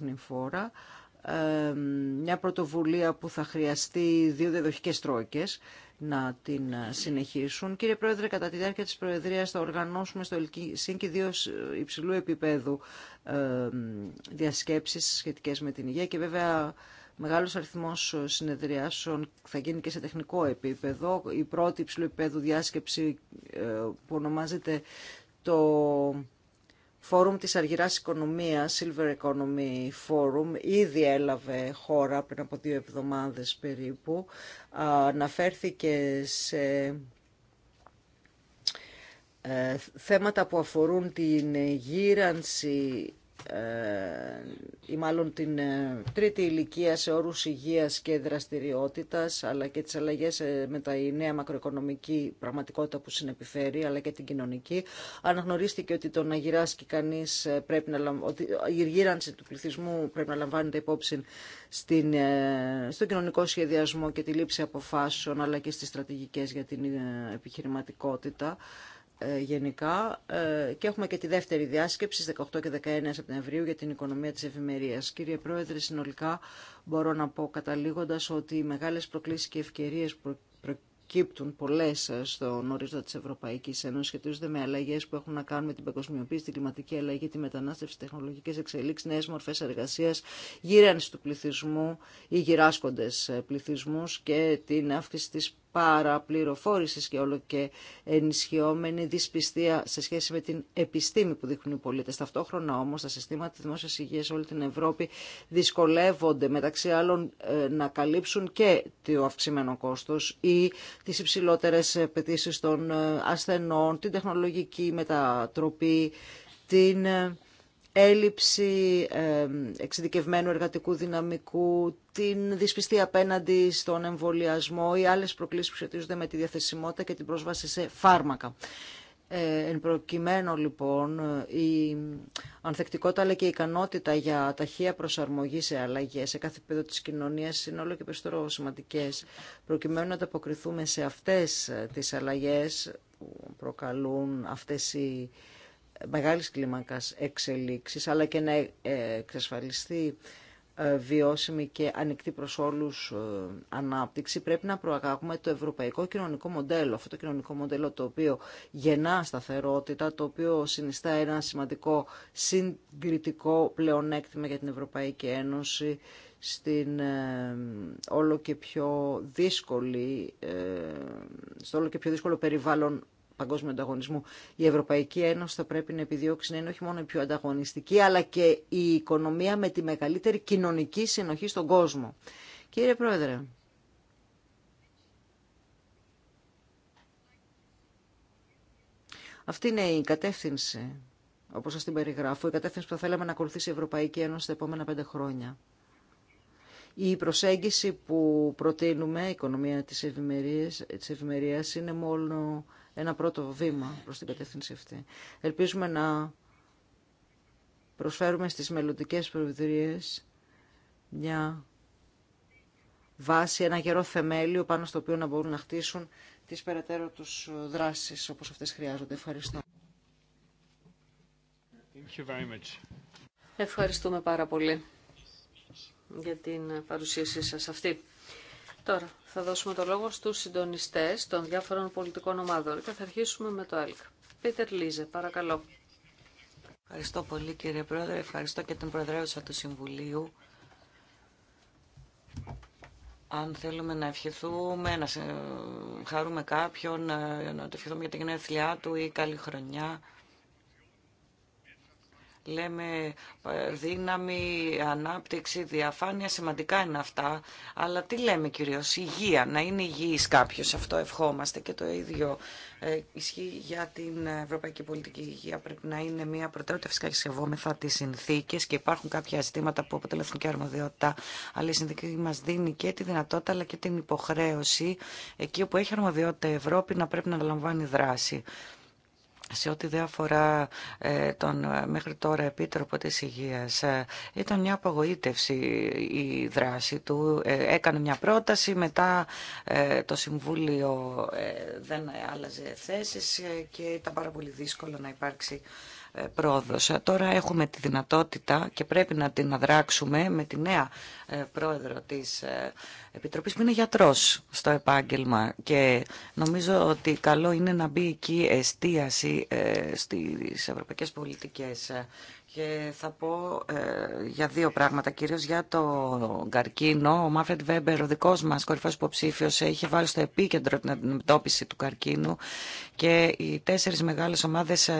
Είναι μια πρωτοβουλία που θα χρειαστεί δύο διαδοχικές τρόικες να την ε, συνεχίσουν. Κύριε Πρόεδρε, κατά τη διάρκεια της Προεδρίας θα οργανώσουμε στο και δύο υψηλού επίπεδου διασκέψεις σχετικές με την υγεία και βέβαια μεγάλος αριθμός συνεδριάσεων θα γίνει και σε τεχνικό επίπεδο. Η πρώτη υψηλού επίπεδου διάσκεψη ε, που ονομάζεται το Φόρουμ της Αργυράς Οικονομίας, Silver Economy Forum, ήδη έλαβε χώρα πριν από δύο εβδομάδες περίπου. Αναφέρθηκε σε ε, θέματα που αφορούν την γύρανση ε, ή μάλλον την ε, τρίτη ηλικία σε όρους υγείας και δραστηριότητας αλλά και τις αλλαγές ε, με τα νέα μακροοικονομική πραγματικότητα που συνεπιφέρει αλλά και την κοινωνική αναγνωρίστηκε ότι το να γυράσκει κανείς πρέπει να, ότι η γύρανση του πληθυσμού πρέπει να λαμβάνεται υπόψη στην, στο κοινωνικό σχεδιασμό και τη λήψη αποφάσεων αλλά και στις στρατηγικές για την επιχειρηματικότητα ε, γενικά ε, και έχουμε και τη δεύτερη διάσκεψη στις 18 και 19 Σεπτεμβρίου για την οικονομία της ευημερία. Κύριε Πρόεδρε, συνολικά μπορώ να πω καταλήγοντας ότι οι μεγάλες προκλήσεις και ευκαιρίες που προκύπτουν πολλές ε, στον ορίζοντα της Ευρωπαϊκής Ένωσης σχετίζονται με αλλαγές που έχουν να κάνουν με την παγκοσμιοποίηση, την κλιματική αλλαγή, τη μετανάστευση, τεχνολογικές εξελίξεις, νέες μορφές εργασίας, γύρανση του πληθυσμού ή γυράσκοντες πληθυσμούς και την αύξηση της παραπληροφόρησης και όλο και ενισχυόμενη δυσπιστία σε σχέση με την επιστήμη που δείχνουν οι πολίτες. Ταυτόχρονα όμως τα συστήματα δημόσιας υγείας σε όλη την Ευρώπη δυσκολεύονται μεταξύ άλλων ε, να καλύψουν και το αυξημένο κόστος ή τις υψηλότερες απαιτήσει των ε, ασθενών, την τεχνολογική μετατροπή, την ε, έλλειψη εξειδικευμένου εργατικού δυναμικού, την δυσπιστή απέναντι στον εμβολιασμό ή άλλες προκλήσεις που σχετίζονται με τη διαθεσιμότητα και την πρόσβαση σε φάρμακα. Ε, εν προκειμένου λοιπόν η ανθεκτικότητα αλλά και η ικανότητα για ταχεία προσαρμογή σε αλλαγέ σε κάθε επίπεδο της κοινωνίας είναι όλο και περισσότερο σημαντικές. Προκειμένου να ανταποκριθούμε σε αυτές ε, τις αλλαγές που προκαλούν αυτές οι μεγάλης κλίμακας εξελίξης, αλλά και να ε, εξασφαλιστεί ε, βιώσιμη και ανοιχτή προς όλους ε, ανάπτυξη, πρέπει να προαγάγουμε το ευρωπαϊκό κοινωνικό μοντέλο. Αυτό το κοινωνικό μοντέλο το οποίο γεννά σταθερότητα, το οποίο συνιστά ένα σημαντικό συγκριτικό πλεονέκτημα για την Ευρωπαϊκή Ένωση στην όλο και πιο δύσκολη, στο όλο και πιο δύσκολο περιβάλλον παγκόσμιου ανταγωνισμού. Η Ευρωπαϊκή Ένωση θα πρέπει να επιδιώξει να είναι όχι μόνο η πιο ανταγωνιστική, αλλά και η οικονομία με τη μεγαλύτερη κοινωνική συνοχή στον κόσμο. Κύριε Πρόεδρε. Αυτή είναι η κατεύθυνση, όπως σας την περιγράφω, η κατεύθυνση που θα θέλαμε να ακολουθήσει η Ευρωπαϊκή Ένωση τα επόμενα πέντε χρόνια. Η προσέγγιση που προτείνουμε, η οικονομία της ευημερίας, της ευημερίας είναι μόνο ένα πρώτο βήμα προς την κατεύθυνση αυτή. Ελπίζουμε να προσφέρουμε στις μελλοντικέ προεδρίες μια βάση, ένα γερό θεμέλιο πάνω στο οποίο να μπορούν να χτίσουν τις περαιτέρω τους δράσεις όπως αυτές χρειάζονται. Ευχαριστώ. Ευχαριστούμε πάρα πολύ για την παρουσίασή σας αυτή. Τώρα θα δώσουμε το λόγο στους συντονιστές των διάφορων πολιτικών ομάδων και θα αρχίσουμε με το ΕΛΚ. Πίτερ Λίζε, παρακαλώ. Ευχαριστώ πολύ κύριε Πρόεδρε, ευχαριστώ και την Προεδρεύουσα του Συμβουλίου. Αν θέλουμε να ευχηθούμε, να χαρούμε κάποιον, ε, να το ευχηθούμε για την γενέθλιά του ή καλή χρονιά, λέμε ε, δύναμη, ανάπτυξη, διαφάνεια, σημαντικά είναι αυτά. Αλλά τι λέμε κυρίως, υγεία, να είναι υγιής κάποιος, αυτό ευχόμαστε και το ίδιο ε, ισχύει για την Ευρωπαϊκή Πολιτική Υγεία. Πρέπει να είναι μια προτεραιότητα φυσικά και σεβόμεθα τι συνθήκε και υπάρχουν κάποια ζητήματα που αποτελούν και αρμοδιότητα. Αλλά η συνθήκη μα δίνει και τη δυνατότητα αλλά και την υποχρέωση εκεί όπου έχει αρμοδιότητα η Ευρώπη να πρέπει να λαμβάνει δράση σε ό,τι δεν αφορά ε, τον ε, μέχρι τώρα Επίτροπο της Υγείας. Ε, ήταν μια απογοήτευση η δράση του. Έκανε μια πρόταση, μετά το Συμβούλιο δεν άλλαζε θέσεις και ήταν πάρα πολύ δύσκολο να υπάρξει πρόοδος. Τώρα έχουμε τη δυνατότητα και πρέπει να την αδράξουμε με τη νέα ε, πρόεδρο της ε, Επιτροπής που είναι γιατρός στο επάγγελμα και νομίζω ότι καλό είναι να μπει εκεί εστίαση ε, στις ευρωπαϊκές πολιτικές. Και θα πω ε, για δύο πράγματα, κυρίως για το καρκίνο. Ο Μάφρετ Βέμπερ, ο δικός μας κορυφαίος υποψήφιο, είχε βάλει στο επίκεντρο την αντιμετώπιση του καρκίνου και οι τέσσερις μεγάλες ομάδες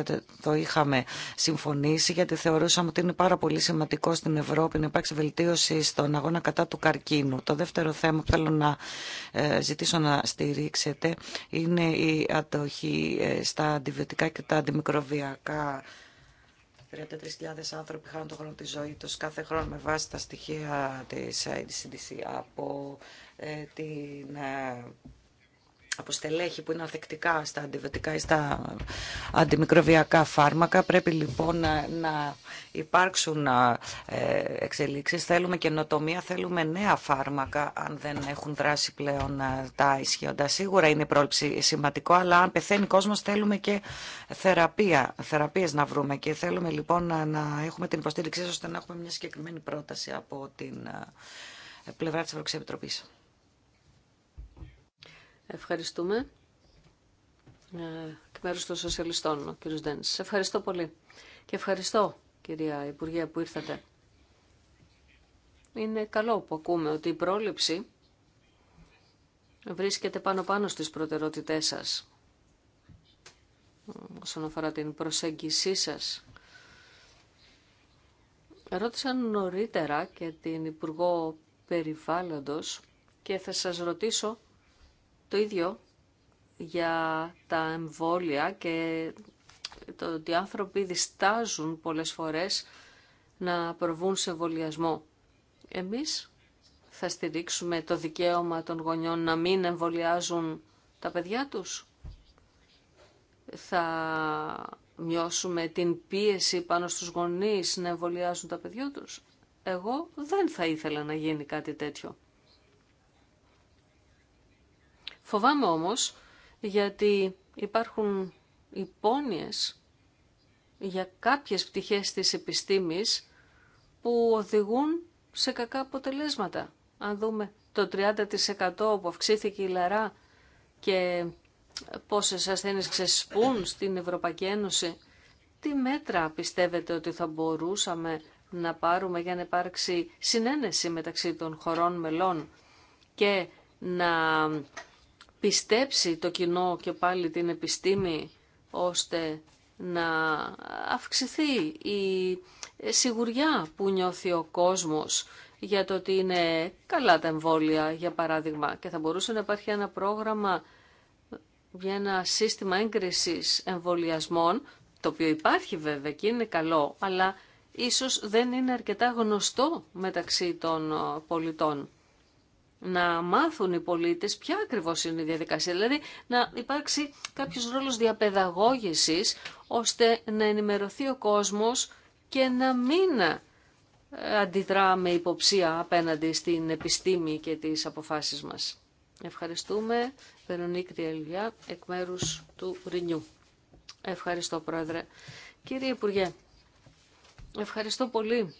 το είχαμε συμφωνήσει γιατί θεωρούσαμε ότι είναι πάρα πολύ σημαντικό στην Ευρώπη να υπάρξει βελτίωση στον αγώνα κατά του καρκίνου. Το δεύτερο θέμα που θέλω να ε, ζητήσω να στηρίξετε είναι η ατοχή ε, στα αντιβιωτικά και τα αντιμικροβιακά. 33.000 άνθρωποι χάνουν τον χρόνο τη ζωή του κάθε χρόνο με βάση τα στοιχεία της ε, CDC από την από στελέχη που είναι ανθεκτικά στα αντιβιωτικά ή στα αντιμικροβιακά φάρμακα. Πρέπει λοιπόν να υπάρξουν ε, εξελίξεις. Θέλουμε καινοτομία, θέλουμε νέα φάρμακα αν δεν έχουν δράσει πλέον ε, τα ισχύοντα. Σίγουρα είναι η πρόληψη σημαντικό, αλλά αν πεθαίνει κόσμος θέλουμε και θεραπεία, θεραπείες να βρούμε και θέλουμε λοιπόν να έχουμε την υποστήριξή ώστε να έχουμε μια συγκεκριμένη πρόταση από την ε, πλευρά της Ευρωπαϊκή Ευχαριστούμε. Ε, εκ μέρους των σοσιαλιστών, ο κύριος Σε Ευχαριστώ πολύ. Και ευχαριστώ, κυρία Υπουργέ, που ήρθατε. Είναι καλό που ακούμε ότι η πρόληψη βρίσκεται πάνω-πάνω στις προτεραιότητές σας όσον αφορά την προσέγγισή σας. Ρώτησα νωρίτερα και την Υπουργό Περιβάλλοντος και θα σας ρωτήσω το ίδιο για τα εμβόλια και το ότι οι άνθρωποι διστάζουν πολλές φορές να προβούν σε εμβολιασμό. Εμείς θα στηρίξουμε το δικαίωμα των γονιών να μην εμβολιάζουν τα παιδιά τους. Θα μειώσουμε την πίεση πάνω στους γονείς να εμβολιάζουν τα παιδιά τους. Εγώ δεν θα ήθελα να γίνει κάτι τέτοιο. Φοβάμαι όμως γιατί υπάρχουν υπόνοιες για κάποιες πτυχές της επιστήμης που οδηγούν σε κακά αποτελέσματα. Αν δούμε το 30% που αυξήθηκε η λαρά και πόσες ασθένειες ξεσπούν στην Ευρωπαϊκή Ένωση, τι μέτρα πιστεύετε ότι θα μπορούσαμε να πάρουμε για να υπάρξει συνένεση μεταξύ των χωρών μελών και να πιστέψει το κοινό και πάλι την επιστήμη ώστε να αυξηθεί η σιγουριά που νιώθει ο κόσμος για το ότι είναι καλά τα εμβόλια, για παράδειγμα. Και θα μπορούσε να υπάρχει ένα πρόγραμμα για ένα σύστημα έγκρισης εμβολιασμών, το οποίο υπάρχει βέβαια και είναι καλό, αλλά ίσως δεν είναι αρκετά γνωστό μεταξύ των πολιτών να μάθουν οι πολίτες ποια ακριβώ είναι η διαδικασία, δηλαδή να υπάρξει κάποιο ρόλος διαπαιδαγώγησης ώστε να ενημερωθεί ο κόσμος και να μην ε, αντιδρά με υποψία απέναντι στην επιστήμη και τις αποφάσεις μας. Ευχαριστούμε, Βερονίκ Διελβιά, εκ μέρους του Ρινιού. Ευχαριστώ, Πρόεδρε. Κύριε Υπουργέ, ευχαριστώ πολύ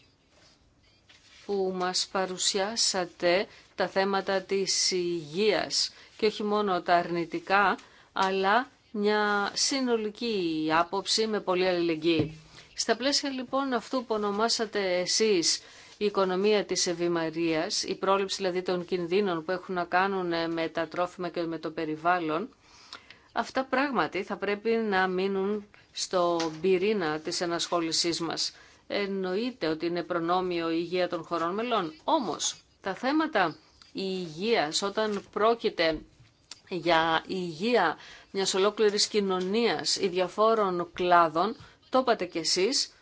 που μας παρουσιάσατε τα θέματα της υγείας και όχι μόνο τα αρνητικά, αλλά μια συνολική άποψη με πολύ αλληλεγγύη. Στα πλαίσια λοιπόν αυτού που ονομάσατε εσείς η οικονομία της ευημαρίας, η πρόληψη δηλαδή των κινδύνων που έχουν να κάνουν με τα τρόφιμα και με το περιβάλλον, αυτά πράγματι θα πρέπει να μείνουν στο πυρήνα της ενασχόλησής μας εννοείται ότι είναι προνόμιο η υγεία των χωρών μελών. Όμως, τα θέματα η υγεία, όταν πρόκειται για υγεία μιας ολόκληρης κοινωνίας ή διαφόρων κλάδων, το είπατε κι εσείς,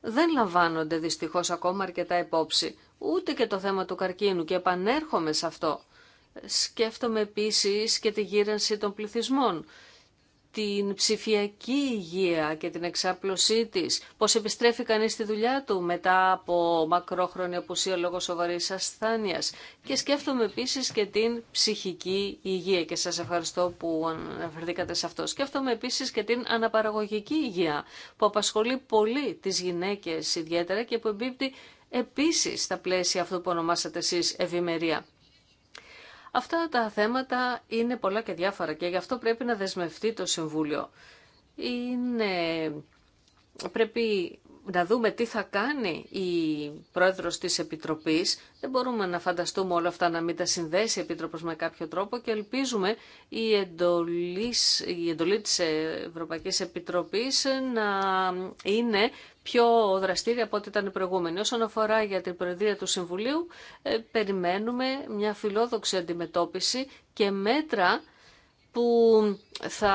δεν λαμβάνονται δυστυχώς ακόμα αρκετά υπόψη, ούτε και το θέμα του καρκίνου και επανέρχομαι σε αυτό. Σκέφτομαι επίσης και τη γύρανση των πληθυσμών την ψηφιακή υγεία και την εξάπλωσή της, πώς επιστρέφει κανείς στη δουλειά του μετά από μακρόχρονη απουσία λόγω σοβαρής ασθάνειας. Και σκέφτομαι επίσης και την ψυχική υγεία και σας ευχαριστώ που αναφερθήκατε σε αυτό. Σκέφτομαι επίσης και την αναπαραγωγική υγεία που απασχολεί πολύ τις γυναίκες ιδιαίτερα και που εμπίπτει επίσης στα πλαίσια αυτού που ονομάσατε εσείς ευημερία. Αυτά τα θέματα είναι πολλά και διάφορα και γι' αυτό πρέπει να δεσμευτεί το Συμβούλιο. Είναι... Πρέπει να δούμε τι θα κάνει η πρόεδρος της Επιτροπής. Δεν μπορούμε να φανταστούμε όλα αυτά να μην τα συνδέσει η με κάποιο τρόπο και ελπίζουμε η, εντολής, η εντολή της Ευρωπαϊκής Επιτροπής να είναι πιο δραστήρια από ό,τι ήταν η προηγούμενη. Όσον αφορά για την Προεδρία του Συμβουλίου, ε, περιμένουμε μια φιλόδοξη αντιμετώπιση και μέτρα που θα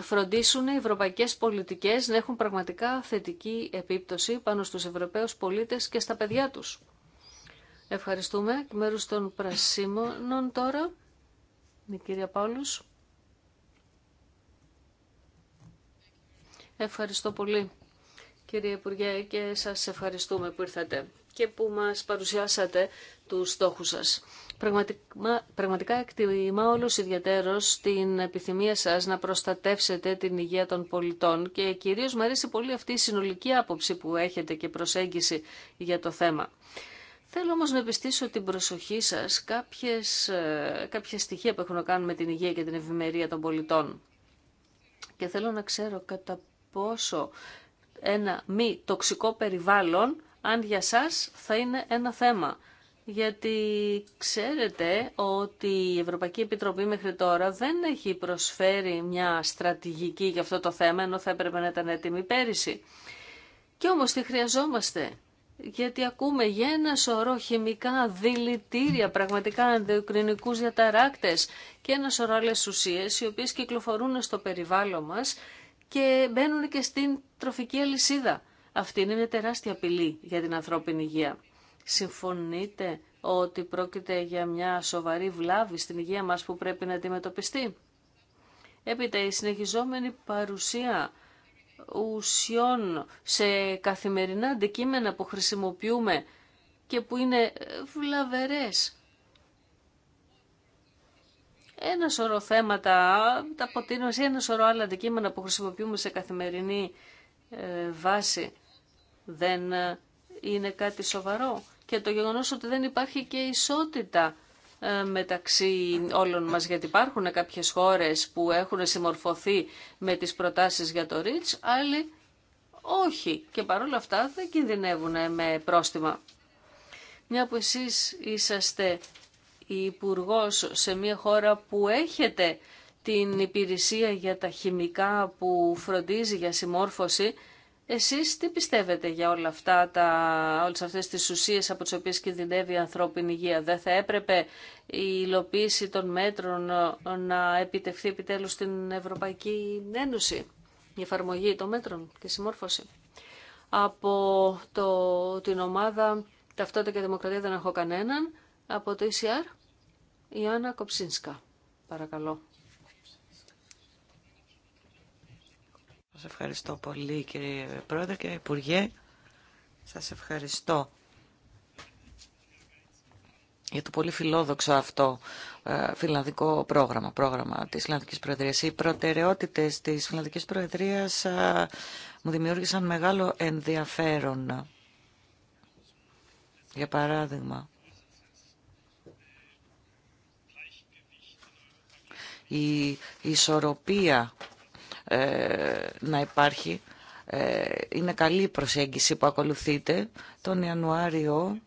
φροντίσουν οι ευρωπαϊκές πολιτικές να έχουν πραγματικά θετική επίπτωση πάνω στους Ευρωπαίους πολίτες και στα παιδιά τους. Ευχαριστούμε. Εκ μέρους των Πρασίμων τώρα, η κυρία Ευχαριστώ πολύ κύριε Υπουργέ και σας ευχαριστούμε που ήρθατε και που μας παρουσιάσατε τους στόχους σας. Πραγματικά, πραγματικά εκτιμά όλους ιδιαίτερος την επιθυμία σας να προστατεύσετε την υγεία των πολιτών και κυρίως μου αρέσει πολύ αυτή η συνολική άποψη που έχετε και προσέγγιση για το θέμα. Θέλω όμως να επιστήσω την προσοχή σας ε, κάποια στοιχεία που έχουν να κάνουν με την υγεία και την ευημερία των πολιτών. Και θέλω να ξέρω κατά πόσο ένα μη τοξικό περιβάλλον, αν για σας θα είναι ένα θέμα γιατί ξέρετε ότι η Ευρωπαϊκή Επιτροπή μέχρι τώρα δεν έχει προσφέρει μια στρατηγική για αυτό το θέμα, ενώ θα έπρεπε να ήταν έτοιμη πέρυσι. Και όμως τη χρειαζόμαστε, γιατί ακούμε για ένα σωρό χημικά δηλητήρια, πραγματικά ενδοκρινικούς διαταράκτες και ένα σωρό άλλες ουσίες, οι οποίες κυκλοφορούν στο περιβάλλον μας και μπαίνουν και στην τροφική αλυσίδα. Αυτή είναι μια τεράστια απειλή για την ανθρώπινη υγεία. Συμφωνείτε ότι πρόκειται για μια σοβαρή βλάβη στην υγεία μας που πρέπει να αντιμετωπιστεί. Έπειτα η συνεχιζόμενη παρουσία ουσιών σε καθημερινά αντικείμενα που χρησιμοποιούμε και που είναι βλαβερές. Ένα σωρό θέματα, τα ποτήρια, ένα σωρό άλλα αντικείμενα που χρησιμοποιούμε σε καθημερινή ε, βάση δεν ε, είναι κάτι σοβαρό και το γεγονός ότι δεν υπάρχει και ισότητα ε, μεταξύ όλων μας, γιατί υπάρχουν κάποιες χώρες που έχουν συμμορφωθεί με τις προτάσεις για το REACH, άλλοι όχι και παρόλα αυτά δεν κινδυνεύουν ε, με πρόστιμα. Μια που εσείς είσαστε υπουργό σε μια χώρα που έχετε την υπηρεσία για τα χημικά που φροντίζει για συμμόρφωση, εσείς τι πιστεύετε για όλα αυτά, τα, όλες αυτές τις ουσίες από τις οποίες κινδυνεύει η ανθρώπινη υγεία. Δεν θα έπρεπε η υλοποίηση των μέτρων ε, να επιτευχθεί επιτέλους στην Ευρωπαϊκή Ένωση, η εφαρμογή των μέτρων και συμμόρφωση. Από το, την ομάδα Ταυτότητα και Δημοκρατία δεν έχω κανέναν. Από το ECR, η Κοψίνσκα. Παρακαλώ. Σας ευχαριστώ πολύ κύριε Πρόεδρε και Υπουργέ. Σας ευχαριστώ για το πολύ φιλόδοξο αυτό ε, φιλανδικό πρόγραμμα, πρόγραμμα της Φιλανδικής Προεδρίας. Οι προτεραιότητες της Φιλανδικής Προεδρίας ε, μου δημιούργησαν μεγάλο ενδιαφέρον. Για παράδειγμα, η ισορροπία ε, να υπάρχει. Ε, είναι καλή η προσέγγιση που ακολουθείτε. Τον Ιανουάριο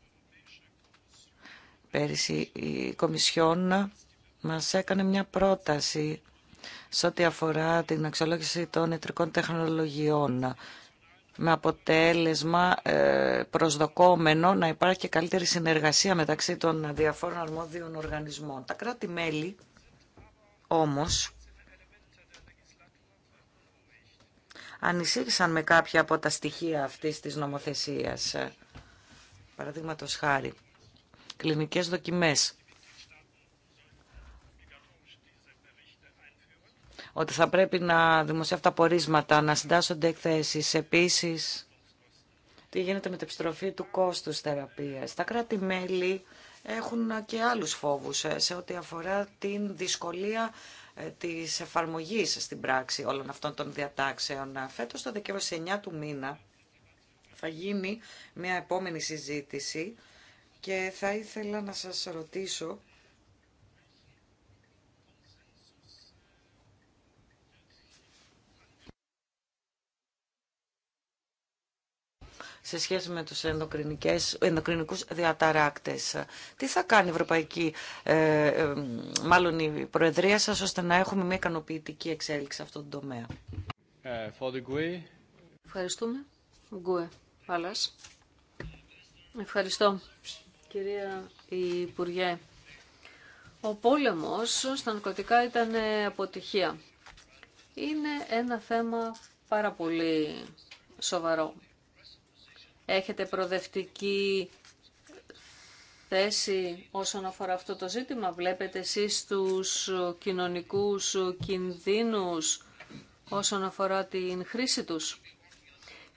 πέρυσι η Κομισιόν μας έκανε μια πρόταση σε ό,τι αφορά την αξιολόγηση των ιατρικών τεχνολογιών με αποτέλεσμα ε, προσδοκόμενο να υπάρχει και καλύτερη συνεργασία μεταξύ των διαφόρων αρμόδιων οργανισμών. Τα κράτη-μέλη όμως ανησύχησαν με κάποια από τα στοιχεία αυτής της νομοθεσίας. Παραδείγματο χάρη, κλινικές δοκιμές. Ότι θα πρέπει να δημοσιεύουν τα πορίσματα, να συντάσσονται εκθέσεις. Επίσης, τι γίνεται με την επιστροφή του κόστους θεραπείας. Τα κράτη-μέλη έχουν και άλλους φόβους ε, σε ό,τι αφορά την δυσκολία ε, της εφαρμογής στην πράξη όλων αυτών των διατάξεων. Φέτος το Δεκέμβριο 9 του μήνα θα γίνει μια επόμενη συζήτηση και θα ήθελα να σας ρωτήσω σε σχέση με τους ενδοκρινικούς διαταράκτες. Τι θα κάνει η Ευρωπαϊκή, ε, ε, μάλλον η Προεδρία σας, ώστε να έχουμε μια ικανοποιητική εξέλιξη σε αυτόν τον τομέα. Ε, e. Ευχαριστούμε. Γκουε, Πάλας. Ευχαριστώ, κυρία Υπουργέ. Ο πόλεμος στα νοικοτικά ήταν αποτυχία. Είναι ένα θέμα πάρα πολύ σοβαρό. Έχετε προοδευτική θέση όσον αφορά αυτό το ζήτημα. Βλέπετε εσείς τους κοινωνικούς κινδύνους όσον αφορά την χρήση τους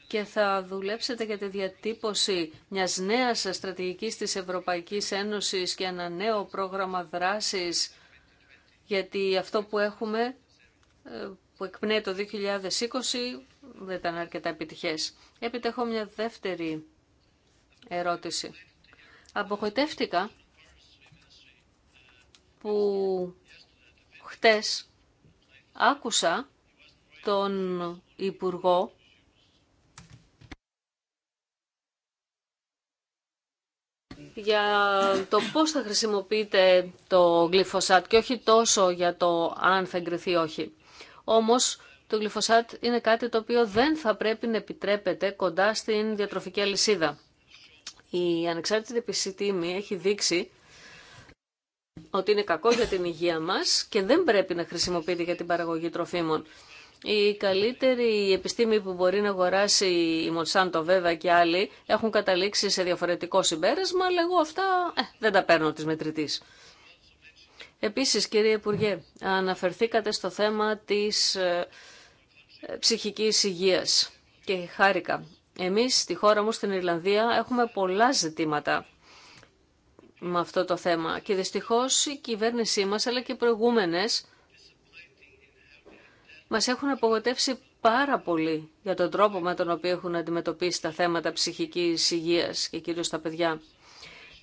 και θα δουλέψετε για τη διατύπωση μιας νέας στρατηγικής της Ευρωπαϊκής Ένωσης και ένα νέο πρόγραμμα δράσης, γιατί αυτό που έχουμε, ε, που εκπνέει το 2020, δεν ήταν αρκετά επιτυχές. Έπειτα έχω μια δεύτερη ερώτηση. Απογοητεύτηκα που χτες άκουσα τον Υπουργό για το πώς θα χρησιμοποιείτε το γλυφοσάτ και όχι τόσο για το αν θα εγκριθεί όχι. Όμως το γλυφοσάτ είναι κάτι το οποίο δεν θα πρέπει να επιτρέπεται κοντά στην διατροφική αλυσίδα. Η ανεξάρτητη επιστήμη έχει δείξει ότι είναι κακό για την υγεία μας και δεν πρέπει να χρησιμοποιείται για την παραγωγή τροφίμων. Η καλύτερη επιστήμη που μπορεί να αγοράσει η Μονσάντο βέβαια και άλλοι έχουν καταλήξει σε διαφορετικό συμπέρασμα, αλλά εγώ αυτά ε, δεν τα παίρνω της μετρητής. Επίσης κύριε Υπουργέ, αναφερθήκατε στο θέμα της ε, ψυχικής υγείας. Και χάρηκα. Εμείς στη χώρα μου στην Ιρλανδία έχουμε πολλά ζητήματα με αυτό το θέμα. Και δυστυχώς η κυβέρνησή μας αλλά και οι προηγούμενες μας έχουν απογοτεύσει πάρα πολύ για τον τρόπο με τον οποίο έχουν αντιμετωπίσει τα θέματα ψυχικής υγείας και κυρίως τα παιδιά.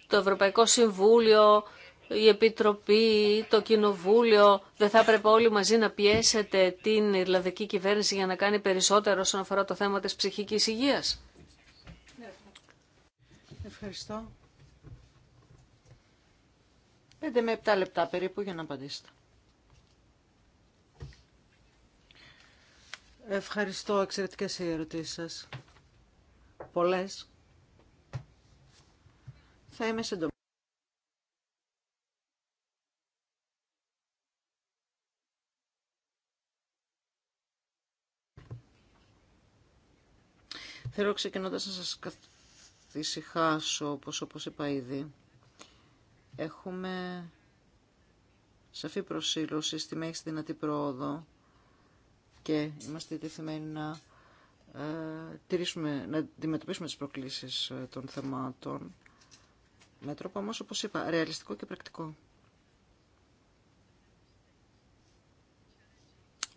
Το Ευρωπαϊκό Συμβούλιο η Επιτροπή, το Κοινοβούλιο, δεν θα έπρεπε όλοι μαζί να πιέσετε την Ιρλανδική κυβέρνηση για να κάνει περισσότερο όσον αφορά το θέμα της ψυχικής υγείας. Ευχαριστώ. Πέντε με 7 λεπτά περίπου για να απαντήσετε. Ευχαριστώ. Εξαιρετικές οι ερωτήσεις σας. Πολλές. Θα είμαι σύντομη. Θέλω ξεκινώντας να σας καθησυχάσω, όπως, όπως είπα ήδη. Έχουμε σαφή προσήλωση στη μέγιστη δυνατή πρόοδο και είμαστε διατεθειμένοι να, ε, να αντιμετωπίσουμε τις προκλήσεις ε, των θεμάτων με τρόπο όμως, όπως είπα, ρεαλιστικό και πρακτικό.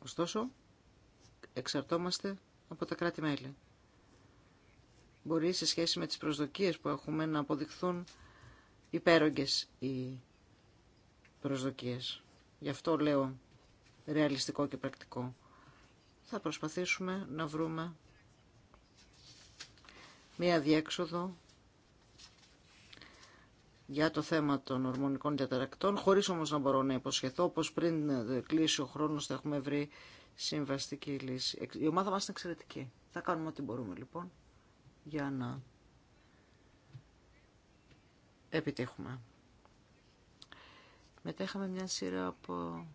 Ωστόσο, εξαρτόμαστε από τα κράτη-μέλη μπορεί σε σχέση με τις προσδοκίες που έχουμε να αποδειχθούν υπέρογγες οι προσδοκίες. Γι' αυτό λέω ρεαλιστικό και πρακτικό. Θα προσπαθήσουμε να βρούμε μία διέξοδο για το θέμα των ορμονικών διαταρακτών, χωρίς όμως να μπορώ να υποσχεθώ, όπως πριν κλείσει ο χρόνος θα έχουμε βρει συμβαστική λύση. Η ομάδα μας είναι εξαιρετική. Θα κάνουμε ό,τι μπορούμε λοιπόν για να επιτύχουμε. Μετά είχαμε μια σειρά από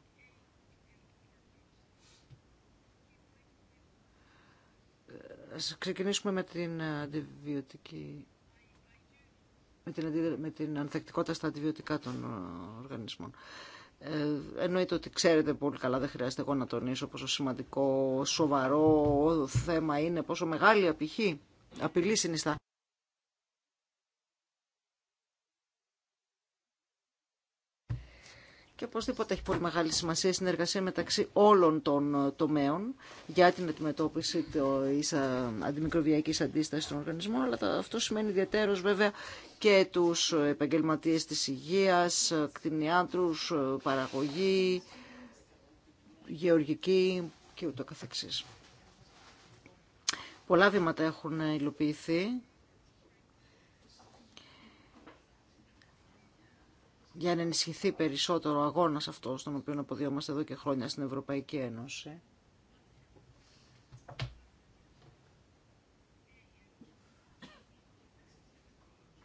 Ας ξεκινήσουμε με την αντιβιωτική με την, με την ανθεκτικότητα στα αντιβιωτικά των οργανισμών. Ε, εννοείται ότι ξέρετε πολύ καλά, δεν χρειάζεται εγώ να τονίσω πόσο σημαντικό, σοβαρό θέμα είναι, πόσο μεγάλη απηχή απειλή συνιστά. Και οπωσδήποτε έχει πολύ μεγάλη σημασία η συνεργασία μεταξύ όλων των ε, τομέων για την αντιμετώπιση τη αντιμικροβιακή αντίσταση των οργανισμών. Αλλά αυτό σημαίνει ιδιαίτερω βέβαια και του επαγγελματίε τη υγεία, ε, κτηνιάτρου, ε, παραγωγή, γεωργική και ούτω καθεξής. Πολλά βήματα έχουν υλοποιηθεί. για να ενισχυθεί περισσότερο ο αγώνας αυτός, τον οποίο αποδιόμαστε εδώ και χρόνια στην Ευρωπαϊκή Ένωση.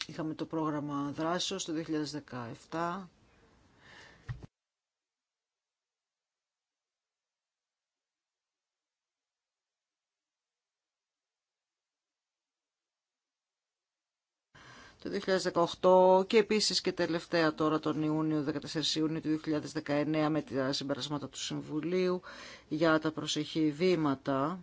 Είχαμε το πρόγραμμα δράσεως το 2017 το 2018 και επίσης και τελευταία τώρα τον Ιούνιο, 14 Ιούνιου του 2019 με τα συμπερασμάτα του Συμβουλίου για τα προσεχή βήματα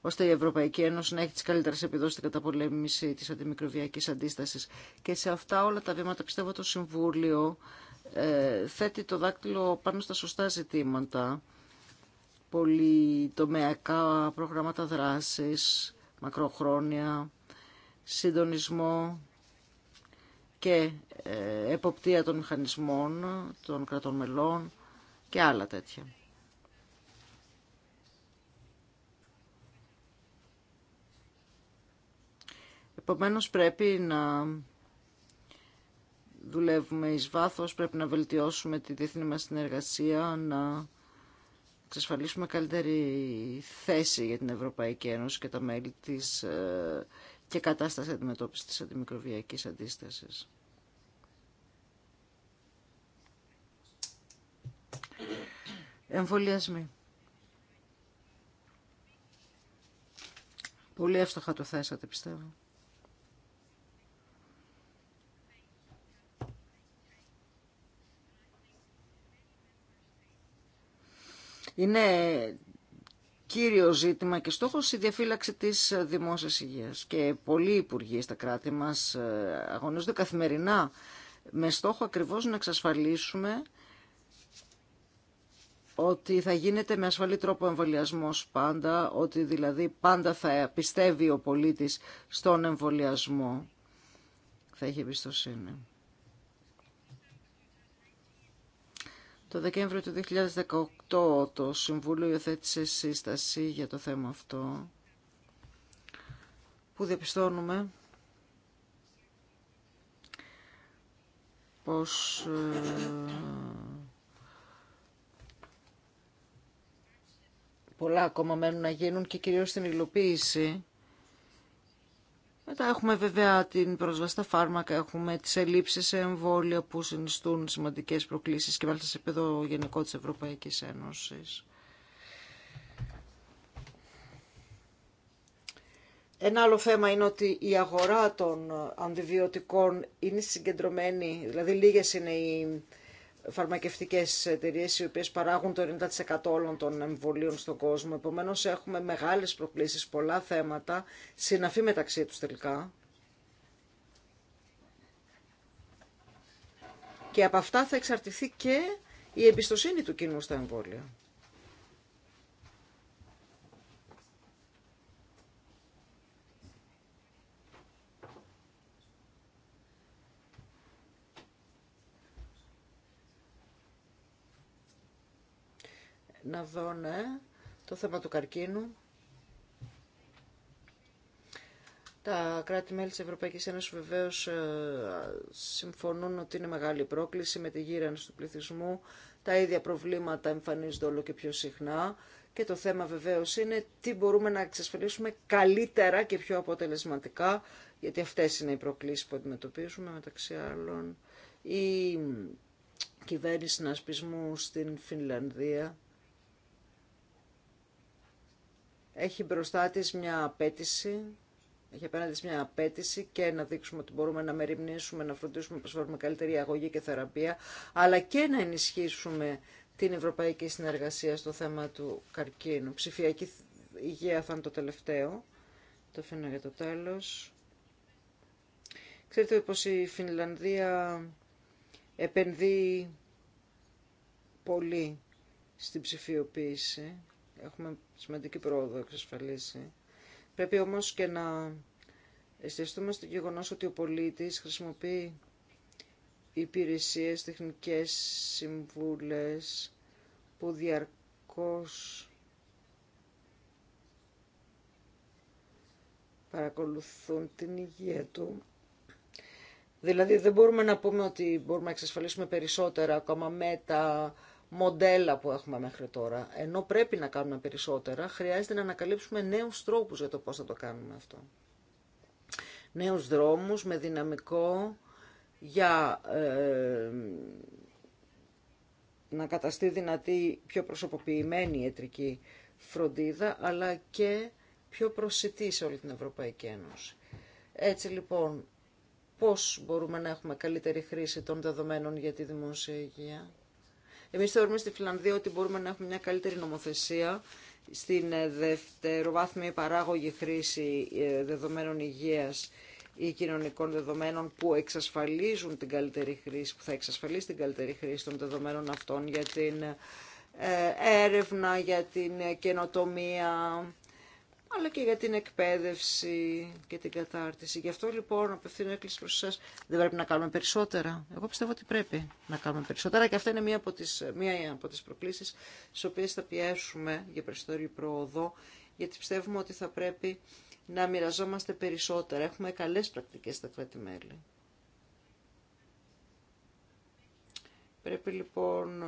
ώστε η Ευρωπαϊκή Ένωση να έχει τις καλύτερες επιδόσεις στην καταπολέμηση της αντιμικροβιακής αντίστασης. Και σε αυτά όλα τα βήματα πιστεύω το Συμβούλιο ε, θέτει το δάκτυλο πάνω στα σωστά ζητήματα πολυτομεακά προγράμματα δράσης, μακροχρόνια, συντονισμό και ε, εποπτεία των μηχανισμών των κρατών μελών και άλλα τέτοια. Επομένως πρέπει να δουλεύουμε εις βάθος, πρέπει να βελτιώσουμε τη διεθνή μας συνεργασία, να εξασφαλίσουμε καλύτερη θέση για την Ευρωπαϊκή Ένωση και τα μέλη της ε, και κατάσταση αντιμετώπισης της αντιμικροβιακής αντίστασης. Εμβολιασμοί. Πολύ εύστοχα το θέσατε, πιστεύω. Είναι κύριο ζήτημα και στόχος η διαφύλαξη της δημόσιας υγείας. Και πολλοί υπουργοί στα κράτη μας ε, αγωνίζονται καθημερινά με στόχο ακριβώς να εξασφαλίσουμε ότι θα γίνεται με ασφαλή τρόπο εμβολιασμό πάντα, ότι δηλαδή πάντα θα πιστεύει ο πολίτης στον εμβολιασμό. Θα έχει εμπιστοσύνη. Το Δεκέμβριο του 2018 το Συμβούλιο υιοθέτησε σύσταση για το θέμα αυτό που διαπιστώνουμε πως ε, πολλά ακόμα μένουν να γίνουν και κυρίως στην υλοποίηση μετά έχουμε βέβαια την πρόσβαση στα φάρμακα, έχουμε τις ελλείψεις σε εμβόλια που συνιστούν σημαντικές προκλήσεις και μάλιστα σε επίπεδο γενικό της Ευρωπαϊκής Ένωσης. Ένα άλλο θέμα είναι ότι η αγορά των αντιβιωτικών είναι συγκεντρωμένη, δηλαδή λίγες είναι οι φαρμακευτικές εταιρείε οι οποίες παράγουν το 90% όλων των εμβολίων στον κόσμο. Επομένως έχουμε μεγάλες προκλήσεις, πολλά θέματα, συναφή μεταξύ τους τελικά. Και από αυτά θα εξαρτηθεί και η εμπιστοσύνη του κοινού στα εμβόλια. να δω, το θέμα του καρκίνου. Τα κράτη-μέλη της Ευρωπαϊκής Ένωσης βεβαίως ε, συμφωνούν ότι είναι μεγάλη πρόκληση με τη γύρανση του πληθυσμού. Τα ίδια προβλήματα εμφανίζονται όλο και πιο συχνά. Και το θέμα βεβαίως είναι τι μπορούμε να εξασφαλίσουμε καλύτερα και πιο αποτελεσματικά, γιατί αυτές είναι οι προκλήσεις που αντιμετωπίζουμε μεταξύ άλλων. Η κυβέρνηση συνασπισμού στην Φινλανδία έχει μπροστά της μια απέτηση, έχει απέναντι μια απέτηση και να δείξουμε ότι μπορούμε να μεριμνήσουμε, να φροντίσουμε, να προσφέρουμε καλύτερη αγωγή και θεραπεία, αλλά και να ενισχύσουμε την ευρωπαϊκή συνεργασία στο θέμα του καρκίνου. Ψηφιακή υγεία θα είναι το τελευταίο. Το αφήνω για το τέλος. Ξέρετε πως η Φινλανδία επενδύει πολύ στην ψηφιοποίηση έχουμε σημαντική πρόοδο εξασφαλίσει. Πρέπει όμως και να εστιαστούμε στο γεγονός ότι ο πολίτης χρησιμοποιεί υπηρεσίες, τεχνικές συμβούλες που διαρκώς παρακολουθούν την υγεία του. Δηλαδή δεν μπορούμε να πούμε ότι μπορούμε να εξασφαλίσουμε περισσότερα ακόμα με τα μοντέλα που έχουμε μέχρι τώρα. Ενώ πρέπει να κάνουμε περισσότερα, χρειάζεται να ανακαλύψουμε νέους τρόπους για το πώς θα το κάνουμε αυτό. Νέους δρόμους με δυναμικό για ε, να καταστεί δυνατή πιο προσωποποιημένη η ιατρική φροντίδα, αλλά και πιο προσιτή σε όλη την Ευρωπαϊκή Ένωση. Έτσι λοιπόν, πώς μπορούμε να έχουμε καλύτερη χρήση των δεδομένων για τη δημόσια υγεία εμείς θεωρούμε στη Φιλανδία ότι μπορούμε να έχουμε μια καλύτερη νομοθεσία στην ε, δευτεροβάθμια παράγωγη χρήση ε, δεδομένων υγείας ή κοινωνικών δεδομένων που εξασφαλίζουν την καλύτερη χρήση, που θα εξασφαλίσει την καλύτερη χρήση των δεδομένων αυτών για την ε, έρευνα, για την καινοτομία, αλλά και για την εκπαίδευση και την κατάρτιση. Γι' αυτό λοιπόν απευθύνω έκκληση προς εσάς, δεν πρέπει να κάνουμε περισσότερα. Εγώ πιστεύω ότι πρέπει να κάνουμε περισσότερα και αυτά είναι μία από τις, μία από τις προκλήσεις στις οποίες θα πιέσουμε για περισσότερη πρόοδο, γιατί πιστεύουμε ότι θα πρέπει να μοιραζόμαστε περισσότερα. Έχουμε καλές πρακτικές στα κράτη-μέλη. Πρέπει λοιπόν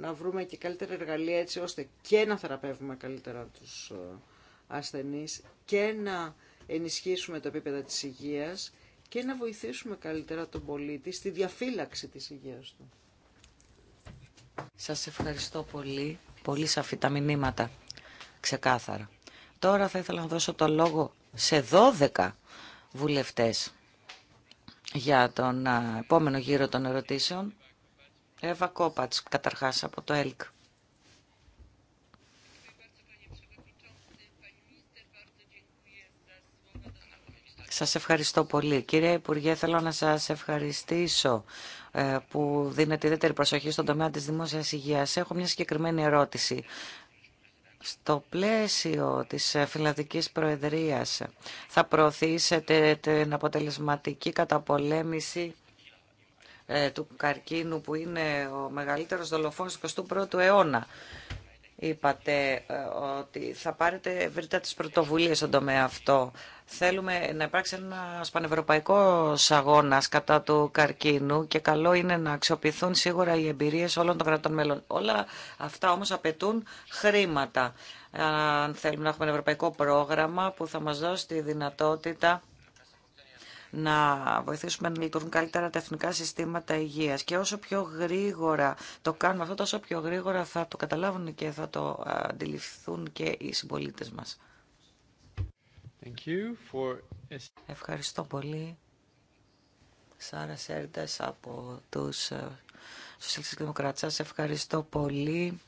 να βρούμε και καλύτερα εργαλεία έτσι ώστε και να θεραπεύουμε καλύτερα τους ε, ασθενείς και να ενισχύσουμε το επίπεδα της υγείας και να βοηθήσουμε καλύτερα τον πολίτη στη διαφύλαξη της υγείας του. Σας ευχαριστώ πολύ. Πολύ σαφή τα μηνύματα. Ξεκάθαρα. Τώρα θα ήθελα να δώσω το λόγο σε 12 βουλευτές για τον επόμενο γύρο των ερωτήσεων. Εύα Κόπατς, καταρχάς από το ΕΛΚ. Σας ευχαριστώ πολύ. Κύριε Υπουργέ, θέλω να σας ευχαριστήσω ε, που δίνετε ιδιαίτερη προσοχή στον τομέα της δημόσιας υγείας. Έχω μια συγκεκριμένη ερώτηση. Στο πλαίσιο της Φιλανδικής Προεδρίας θα προωθήσετε την αποτελεσματική καταπολέμηση ε, του καρκίνου που είναι ο μεγαλύτερος δολοφόνος του 21ου αιώνα είπατε ε, ότι θα πάρετε βρείτε τις πρωτοβουλίες στον τομέα αυτό. Θέλουμε να υπάρξει ένα πανευρωπαϊκό αγώνα κατά του καρκίνου και καλό είναι να αξιοποιηθούν σίγουρα οι εμπειρίε όλων των κρατών μέλων. Όλα αυτά όμω απαιτούν χρήματα. Αν θέλουμε να έχουμε ένα ευρωπαϊκό πρόγραμμα που θα μα δώσει τη δυνατότητα να βοηθήσουμε να λειτουργούν καλύτερα τα εθνικά συστήματα υγεία Και όσο πιο γρήγορα το κάνουμε αυτό, τόσο πιο γρήγορα θα το καταλάβουν και θα το αντιληφθούν και οι συμπολίτε μας. Ευχαριστώ πολύ. Σάρα Σέρντα από τους ε, Σοσιαλιστέ και Σας ευχαριστώ πολύ.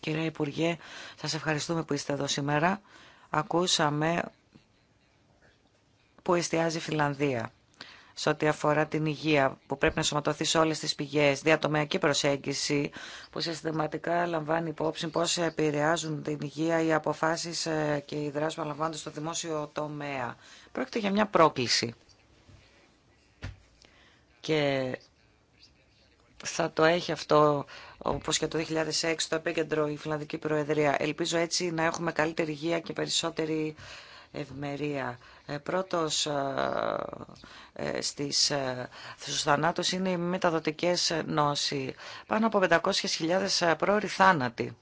Κύριε Υπουργέ, σας ευχαριστούμε που είστε εδώ σήμερα. Ακούσαμε που εστιάζει η Φιλανδία σε ό,τι αφορά την υγεία που πρέπει να σωματωθεί σε όλες τις πηγές, διατομεακή προσέγγιση που συστηματικά λαμβάνει υπόψη πώς επηρεάζουν την υγεία οι αποφάσεις ε, και οι δράσεις που λαμβάνονται στο δημόσιο τομέα. Πρόκειται για μια πρόκληση. Και θα το έχει αυτό όπως και το 2006 το επέκεντρο η Φιλανδική Προεδρία. Ελπίζω έτσι να έχουμε καλύτερη υγεία και περισσότερη ευμερία. Ε, πρώτος ε, ε, στις, στους θανάτους είναι οι μεταδοτικές νόσοι. Πάνω από 500.000 πρόοροι θάνατοι.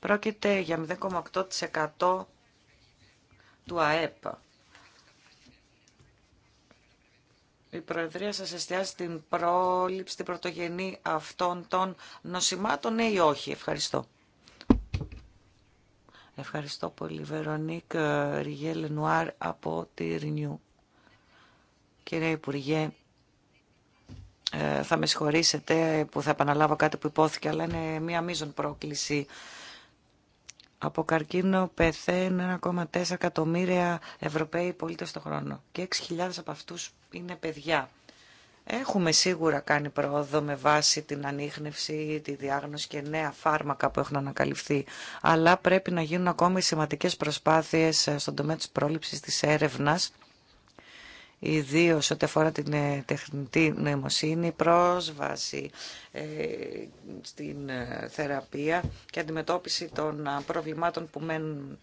Πρόκειται για 0,8% του ΑΕΠ. Η Προεδρία σας εστιάζει την πρόληψη, την πρωτογενή αυτών των νοσημάτων, ναι ή όχι. Ευχαριστώ. Ευχαριστώ πολύ. Βερονίκ ε, Ριγέ Λενουάρ από τη Ρινιού. Κύριε Υπουργέ, ε, θα με συγχωρήσετε που θα επαναλάβω κάτι που υπόθηκε, αλλά είναι μία μείζον πρόκληση. Από καρκίνο πεθαίνουν 1,4 εκατομμύρια Ευρωπαίοι πολίτες το χρόνο και 6.000 από αυτούς είναι παιδιά. Έχουμε σίγουρα κάνει πρόοδο με βάση την ανείχνευση, τη διάγνωση και νέα φάρμακα που έχουν ανακαλυφθεί. Αλλά πρέπει να γίνουν ακόμη σημαντικέ προσπάθειες ε, στον τομέα της πρόληψης της έρευνα, ιδίω ό,τι αφορά την ε, τεχνητή νοημοσύνη, πρόσβαση ε, στην θεραπεία και αντιμετώπιση των προβλημάτων που μένουν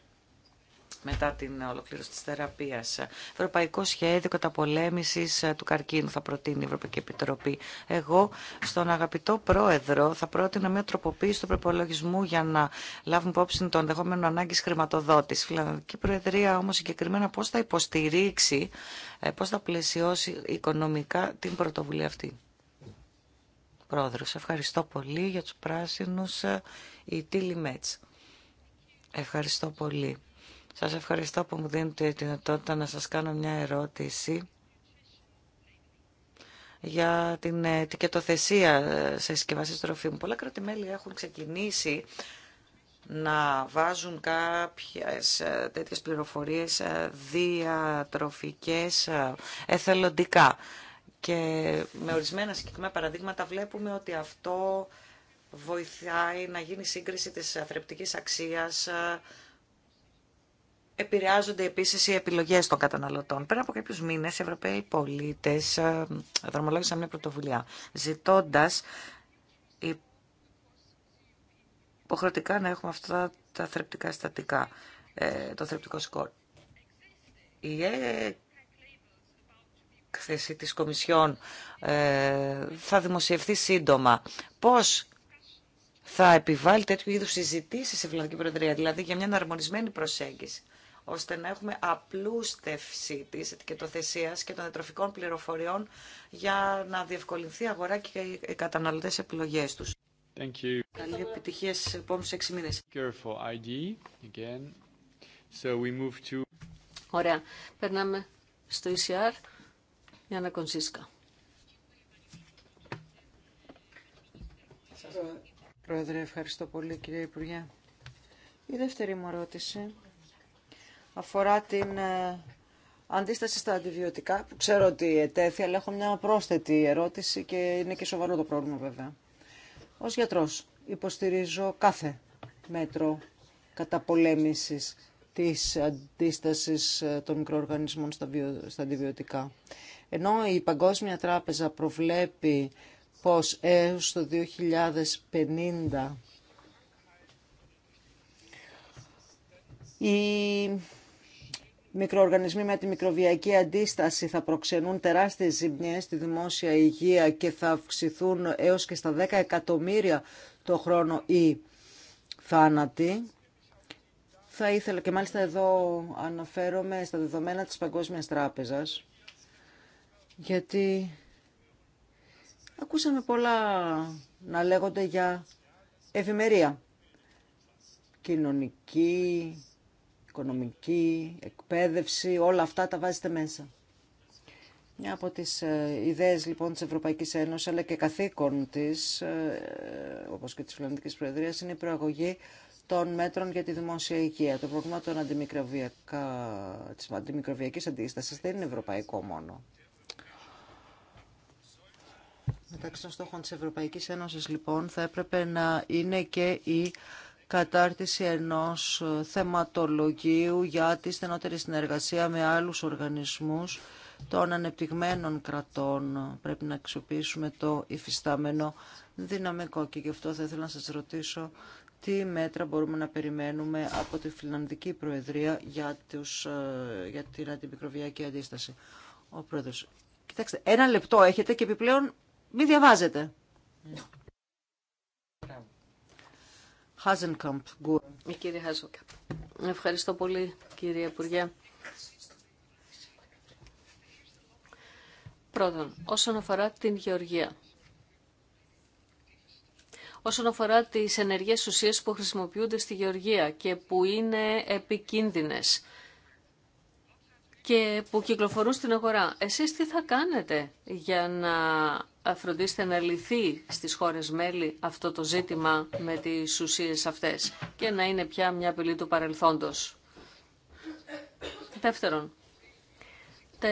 μετά την ολοκλήρωση της θεραπείας. Ευρωπαϊκό σχέδιο καταπολέμησης ε, του καρκίνου θα προτείνει η Ευρωπαϊκή Επιτροπή. Εγώ στον αγαπητό πρόεδρο θα πρότεινα μια τροποποίηση του προπολογισμού για να λάβουν υπόψη το ενδεχόμενο ανάγκη χρηματοδότηση. Η Φιλανδική Προεδρία όμω συγκεκριμένα πώ θα υποστηρίξει, ε, πώ θα πλαισιώσει οικονομικά την πρωτοβουλία αυτή. Πρόεδρος, ευχαριστώ πολύ για τους πράσινους ε, η Τίλι Μέτς. Ευχαριστώ πολύ. Σας ευχαριστώ που μου δίνετε τη δυνατότητα να σας κάνω μια ερώτηση για την ετικετοθεσία σε συσκευασίες τροφίμων. Πολλά έχουν ξεκινήσει να βάζουν κάποιες τέτοιες πληροφορίες διατροφικές εθελοντικά. Και με ορισμένα συγκεκριμένα παραδείγματα βλέπουμε ότι αυτό βοηθάει να γίνει σύγκριση της αθρεπτικής αξίας επηρεάζονται επίσης οι επιλογές των καταναλωτών. Πριν από κάποιου μήνε, οι Ευρωπαίοι πολίτε ε, δρομολόγησαν μια πρωτοβουλία, ζητώντας υποχρεωτικά να έχουμε αυτά τα θρεπτικά συστατικά, ε, το θρεπτικό σκορ. Η έκθεση της Κομισιόν ε, θα δημοσιευθεί σύντομα. Πώς θα επιβάλλει τέτοιου είδους συζητήσεις η Φιλανδική Προεδρία, δηλαδή για μια αναρμονισμένη προσέγγιση ώστε να έχουμε απλούστευση της ετικετοθεσίας και των ετροφικών πληροφοριών για να διευκολυνθεί η αγορά και οι καταναλωτές επιλογές τους. Καλή επιτυχία στις επόμενους έξι μήνες. Ωραία. Περνάμε στο ECR για να κονσίσκα. Πρόεδρε, ευχαριστώ πολύ κύριε Υπουργέ. Η δεύτερη μου ερώτηση αφορά την ε, αντίσταση στα αντιβιωτικά, που ξέρω ότι ετέθη, αλλά έχω μια πρόσθετη ερώτηση και είναι και σοβαρό το πρόβλημα βέβαια. Ως γιατρός υποστηρίζω κάθε μέτρο πολέμησης της αντίστασης ε, των μικροοργανισμών στα, αντιβιωτικά. Ενώ η Παγκόσμια Τράπεζα προβλέπει πως έως το 2050 η μικροοργανισμοί με τη μικροβιακή αντίσταση θα προξενούν τεράστιες ζημιές στη δημόσια υγεία και θα αυξηθούν έως και στα 10 εκατομμύρια το χρόνο ή θάνατοι. Θα ήθελα και μάλιστα εδώ αναφέρομαι στα δεδομένα της Παγκόσμιας Τράπεζας γιατί ακούσαμε πολλά να λέγονται για ευημερία κοινωνική, οικονομική, εκπαίδευση, όλα αυτά τα βάζετε μέσα. Μια από τις ε, ιδέες λοιπόν της Ευρωπαϊκής Ένωσης αλλά και καθήκον της, ε, όπως και της Φιλανδικής Προεδρίας, είναι η προαγωγή των μέτρων για τη δημόσια υγεία. Το πρόβλημα των της αντιμικροβιακής αντίστασης δεν είναι ευρωπαϊκό μόνο. Μεταξύ των στόχων της Ευρωπαϊκής Ένωσης λοιπόν θα έπρεπε να είναι και η κατάρτιση ενός θεματολογίου για τη στενότερη συνεργασία με άλλους οργανισμούς των ανεπτυγμένων κρατών. Πρέπει να αξιοποιήσουμε το υφιστάμενο δυναμικό και γι' αυτό θα ήθελα να σας ρωτήσω τι μέτρα μπορούμε να περιμένουμε από τη Φιλανδική Προεδρία για, τους, ε, για την αντιμικροβιακή αντίσταση. Ο Πρόεδρος. Κοιτάξτε, ένα λεπτό έχετε και επιπλέον μην διαβάζετε. Ναι. Ευχαριστώ πολύ κύριε Υπουργέ. Πρώτον, όσον αφορά την γεωργία. Όσον αφορά τις ενεργές ουσίες που χρησιμοποιούνται στη γεωργία και που είναι επικίνδυνες και που κυκλοφορούν στην αγορά. Εσείς τι θα κάνετε για να φροντίστε να λυθεί στις χώρες μέλη αυτό το ζήτημα με τις ουσίες αυτές και να είναι πια μια απειλή του παρελθόντος. Δεύτερον, τα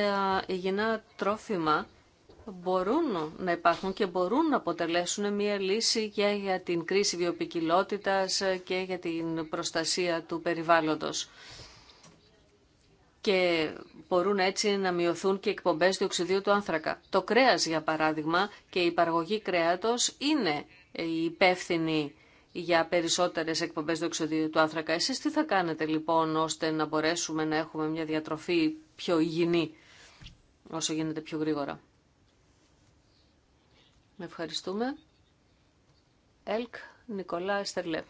υγιεινά τρόφιμα μπορούν να υπάρχουν και μπορούν να αποτελέσουν μια λύση και για την κρίση βιοπικιλότητας και για την προστασία του περιβάλλοντος και μπορούν έτσι να μειωθούν και εκπομπές οξυδίου του άνθρακα. Το κρέας, για παράδειγμα, και η παραγωγή κρέατος είναι υπεύθυνη για περισσότερες εκπομπές οξυδίου του άνθρακα. Εσείς τι θα κάνετε λοιπόν ώστε να μπορέσουμε να έχουμε μια διατροφή πιο υγιεινή όσο γίνεται πιο γρήγορα. Ευχαριστούμε. Ελκ Νικολά Εστερλεύ.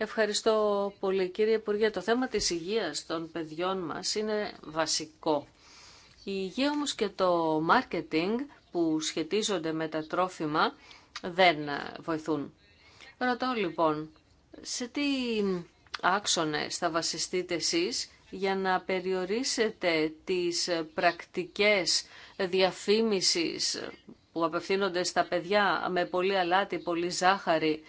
Ευχαριστώ πολύ κύριε Υπουργέ. Το θέμα της υγείας των παιδιών μας είναι βασικό. Η υγεία όμως και το μάρκετινγκ που σχετίζονται με τα τρόφιμα δεν βοηθούν. Ρωτώ λοιπόν, σε τι άξονες θα βασιστείτε εσείς για να περιορίσετε τις πρακτικές διαφήμισης που απευθύνονται στα παιδιά με πολύ αλάτι, πολύ ζάχαρη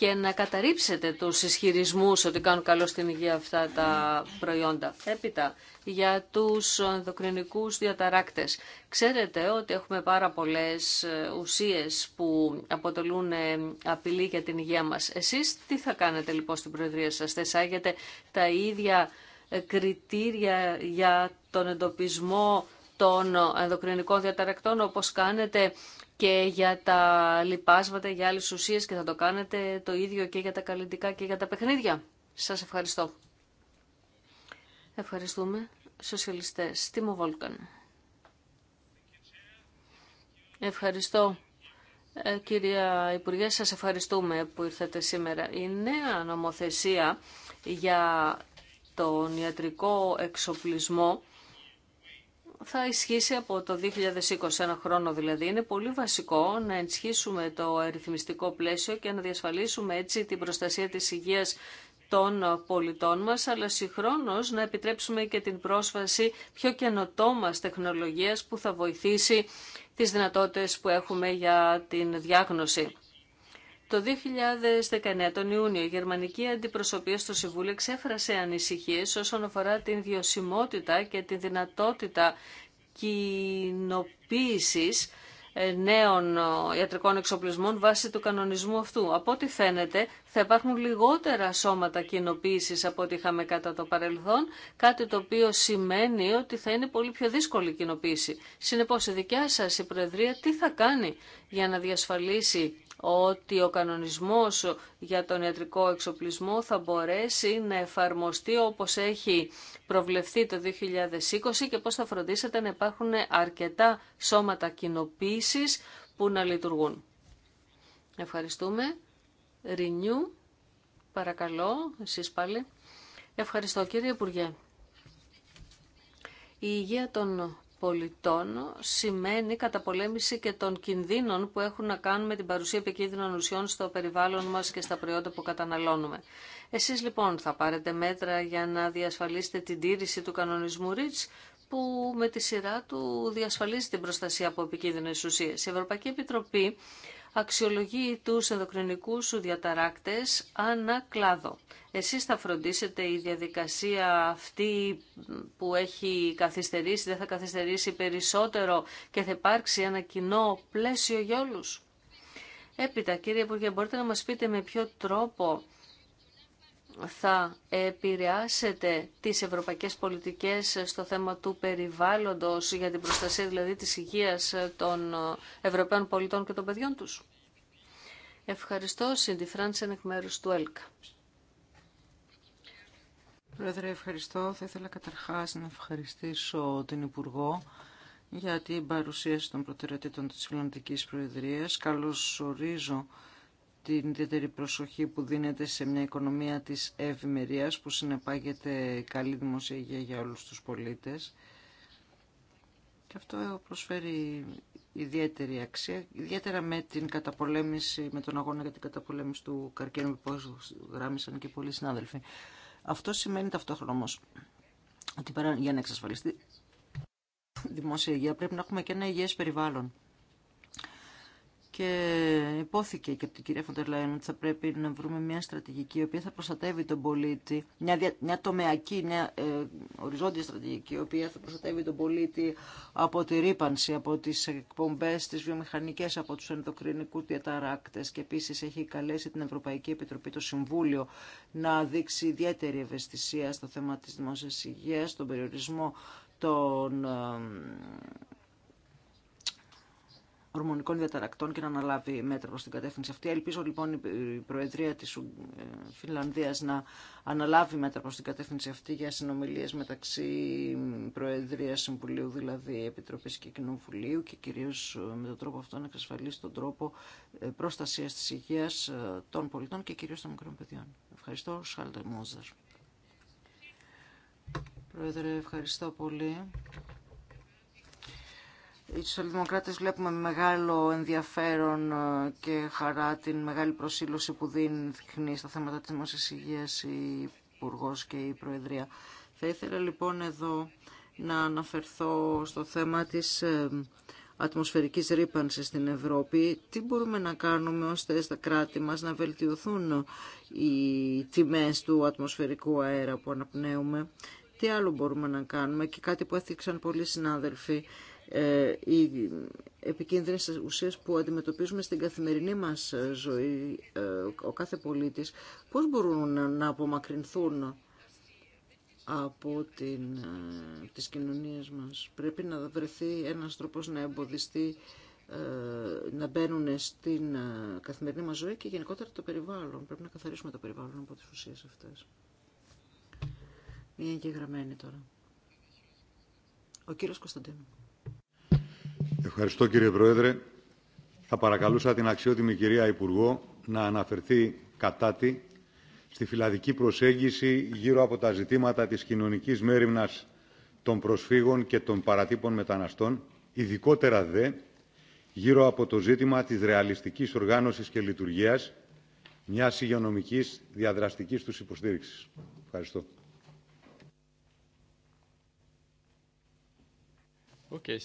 και να καταρρύψετε τους ισχυρισμού ότι κάνουν καλό στην υγεία αυτά τα προϊόντα. Έπειτα, για τους ενδοκρινικούς διαταράκτες. Ξέρετε ότι έχουμε πάρα πολλές ε, ουσίες που αποτελούν ε, απειλή για την υγεία μας. Εσείς τι θα κάνετε λοιπόν στην Προεδρία σας, θεσάγετε τα ίδια ε, κριτήρια για τον εντοπισμό των ενδοκρινικών διαταρακτών όπως κάνετε και για τα λοιπάσματα, για άλλες ουσίες και θα το κάνετε το ίδιο και για τα καλλιτικά και για τα παιχνίδια. Σας ευχαριστώ. Ευχαριστούμε. Σοσιαλιστές. Τίμο Βόλκαν. Ευχαριστώ. Ε, κυρία Υπουργέ, σας ευχαριστούμε που ήρθατε σήμερα. Η νέα νομοθεσία για τον ιατρικό εξοπλισμό θα ισχύσει από το 2021 χρόνο δηλαδή. Είναι πολύ βασικό να ενισχύσουμε το αριθμιστικό πλαίσιο και να διασφαλίσουμε έτσι την προστασία της υγείας των πολιτών μας, αλλά συγχρόνως να επιτρέψουμε και την πρόσβαση πιο καινοτόμας τεχνολογίας που θα βοηθήσει τις δυνατότητες που έχουμε για την διάγνωση. Το 2019, τον Ιούνιο, η γερμανική αντιπροσωπεία στο Συμβούλιο εξέφρασε ανησυχίες όσον αφορά την βιωσιμότητα και τη δυνατότητα κοινοποίησης ε, νέων ε, ιατρικών εξοπλισμών βάσει του κανονισμού αυτού. Από ό,τι φαίνεται θα υπάρχουν λιγότερα σώματα κοινοποίηση από ό,τι είχαμε κατά το παρελθόν, κάτι το οποίο σημαίνει ότι θα είναι πολύ πιο δύσκολη η κοινοποίηση. Συνεπώ η δικιά σα, η Προεδρία τι θα κάνει για να διασφαλίσει ότι ο κανονισμός για τον ιατρικό εξοπλισμό θα μπορέσει να εφαρμοστεί όπως έχει προβλεφθεί το 2020 και πώς θα φροντίσετε να υπάρχουν αρκετά σώματα κοινοποίηση που να λειτουργούν. Ευχαριστούμε. Ρινιού, παρακαλώ, εσείς πάλι. Ευχαριστώ κύριε Υπουργέ. Η υγεία των πολιτών σημαίνει καταπολέμηση και των κινδύνων που έχουν να κάνουν με την παρουσία επικίνδυνων ουσιών στο περιβάλλον μας και στα προϊόντα που καταναλώνουμε. Εσείς λοιπόν θα πάρετε μέτρα για να διασφαλίσετε την τήρηση του κανονισμού REACH που με τη σειρά του διασφαλίζει την προστασία από επικίνδυνες ουσίες. Η Ευρωπαϊκή Επιτροπή αξιολογεί τους ενδοκρινικούς διαταράκτες ανά κλάδο. Εσείς θα φροντίσετε η διαδικασία αυτή που έχει καθυστερήσει, δεν θα καθυστερήσει περισσότερο και θα υπάρξει ένα κοινό πλαίσιο για όλους. Έπειτα, κύριε Υπουργέ, μπορείτε να μας πείτε με ποιο τρόπο θα επηρεάσετε τις ευρωπαϊκές πολιτικές στο θέμα του περιβάλλοντος για την προστασία δηλαδή της υγείας των Ευρωπαίων πολιτών και των παιδιών τους. Ευχαριστώ, Σιντι Φράντσεν, εκ μέρους του ΕΛΚΑ. Πρόεδρε, ευχαριστώ. Θα ήθελα καταρχάς να ευχαριστήσω την Υπουργό για την παρουσίαση των προτεραιοτήτων της Φιλανδικής Προεδρίας. Καλώς ορίζω την ιδιαίτερη προσοχή που δίνεται σε μια οικονομία της ευημερία που συνεπάγεται καλή δημοσία υγεία για όλους τους πολίτες. Και αυτό προσφέρει ιδιαίτερη αξία, ιδιαίτερα με την καταπολέμηση, με τον αγώνα για την καταπολέμηση του καρκίνου που γράμισαν και πολλοί συνάδελφοι. Αυτό σημαίνει ταυτόχρονα όμως ότι για να εξασφαλιστεί δημόσια υγεία πρέπει να έχουμε και ένα υγιές περιβάλλον και υπόθηκε και από την κυρία Λάιν ότι θα πρέπει να βρούμε μια στρατηγική η οποία θα προστατεύει τον πολίτη, μια, μια τομεακή, μια ε, οριζόντια στρατηγική η οποία θα προστατεύει τον πολίτη από τη ρήπανση, από τι εκπομπέ, τι βιομηχανικέ από του ενδοκρινικούς διαταράκτε. και επίση έχει καλέσει την Ευρωπαϊκή Επιτροπή το Συμβούλιο να δείξει ιδιαίτερη ευαισθησία στο θέμα τη δημόσια υγείας, τον περιορισμό των ε, ορμονικών διαταρακτών και να αναλάβει μέτρα προς την κατεύθυνση αυτή. Ελπίζω λοιπόν η Προεδρία της ε, Φινλανδίας να αναλάβει μέτρα προς την κατεύθυνση αυτή για συνομιλίες μεταξύ Προεδρίας Συμβουλίου, δηλαδή Επιτροπής και Κοινοβουλίου και κυρίως ε, με τον τρόπο αυτό να εξασφαλίσει τον τρόπο ε, προστασίας της υγείας των πολιτών και κυρίως των μικρών παιδιών. Ευχαριστώ. Σχάλτε Μόζαρ. Πρόεδρε, ευχαριστώ πολύ. Οι σοσιαλδημοκράτες βλέπουμε με μεγάλο ενδιαφέρον ε, και χαρά την μεγάλη προσήλωση που δίνει στα θέματα της δημόσιας υγείας η υπουργό και η Προεδρία. Θα ήθελα λοιπόν εδώ να αναφερθώ στο θέμα της ε, ατμοσφαιρικής ρήπανσης στην Ευρώπη. Τι μπορούμε να κάνουμε ώστε στα κράτη μας να βελτιωθούν οι τιμές του ατμοσφαιρικού αέρα που αναπνέουμε. Τι άλλο μπορούμε να κάνουμε και κάτι που έθιξαν πολλοί συνάδελφοι οι ε, επικίνδυνες ουσίες που αντιμετωπίζουμε στην καθημερινή μας ε, ζωή, ε, ο κάθε πολίτης, πώς μπορούν να απομακρυνθούν από την, τις κοινωνίες μας. Πρέπει να βρεθεί ένας τρόπος να εμποδιστεί να μπαίνουν στην καθημερινή μας ζωή και γενικότερα το περιβάλλον. Πρέπει να καθαρίσουμε το περιβάλλον από τις ουσίες αυτές. Μια εγγεγραμμένη τώρα. Ο κύριος Κωνσταντίνου. Ευχαριστώ κύριε Πρόεδρε. Θα παρακαλούσα την αξιότιμη κυρία Υπουργό να αναφερθεί κατά τη στη φυλαδική προσέγγιση γύρω από τα ζητήματα της κοινωνικής μέρημνας των προσφύγων και των παρατύπων μεταναστών, ειδικότερα δε γύρω από το ζήτημα της ρεαλιστικής οργάνωσης και λειτουργίας μιας υγειονομική διαδραστικής τους υποστήριξης. Ευχαριστώ. Okay,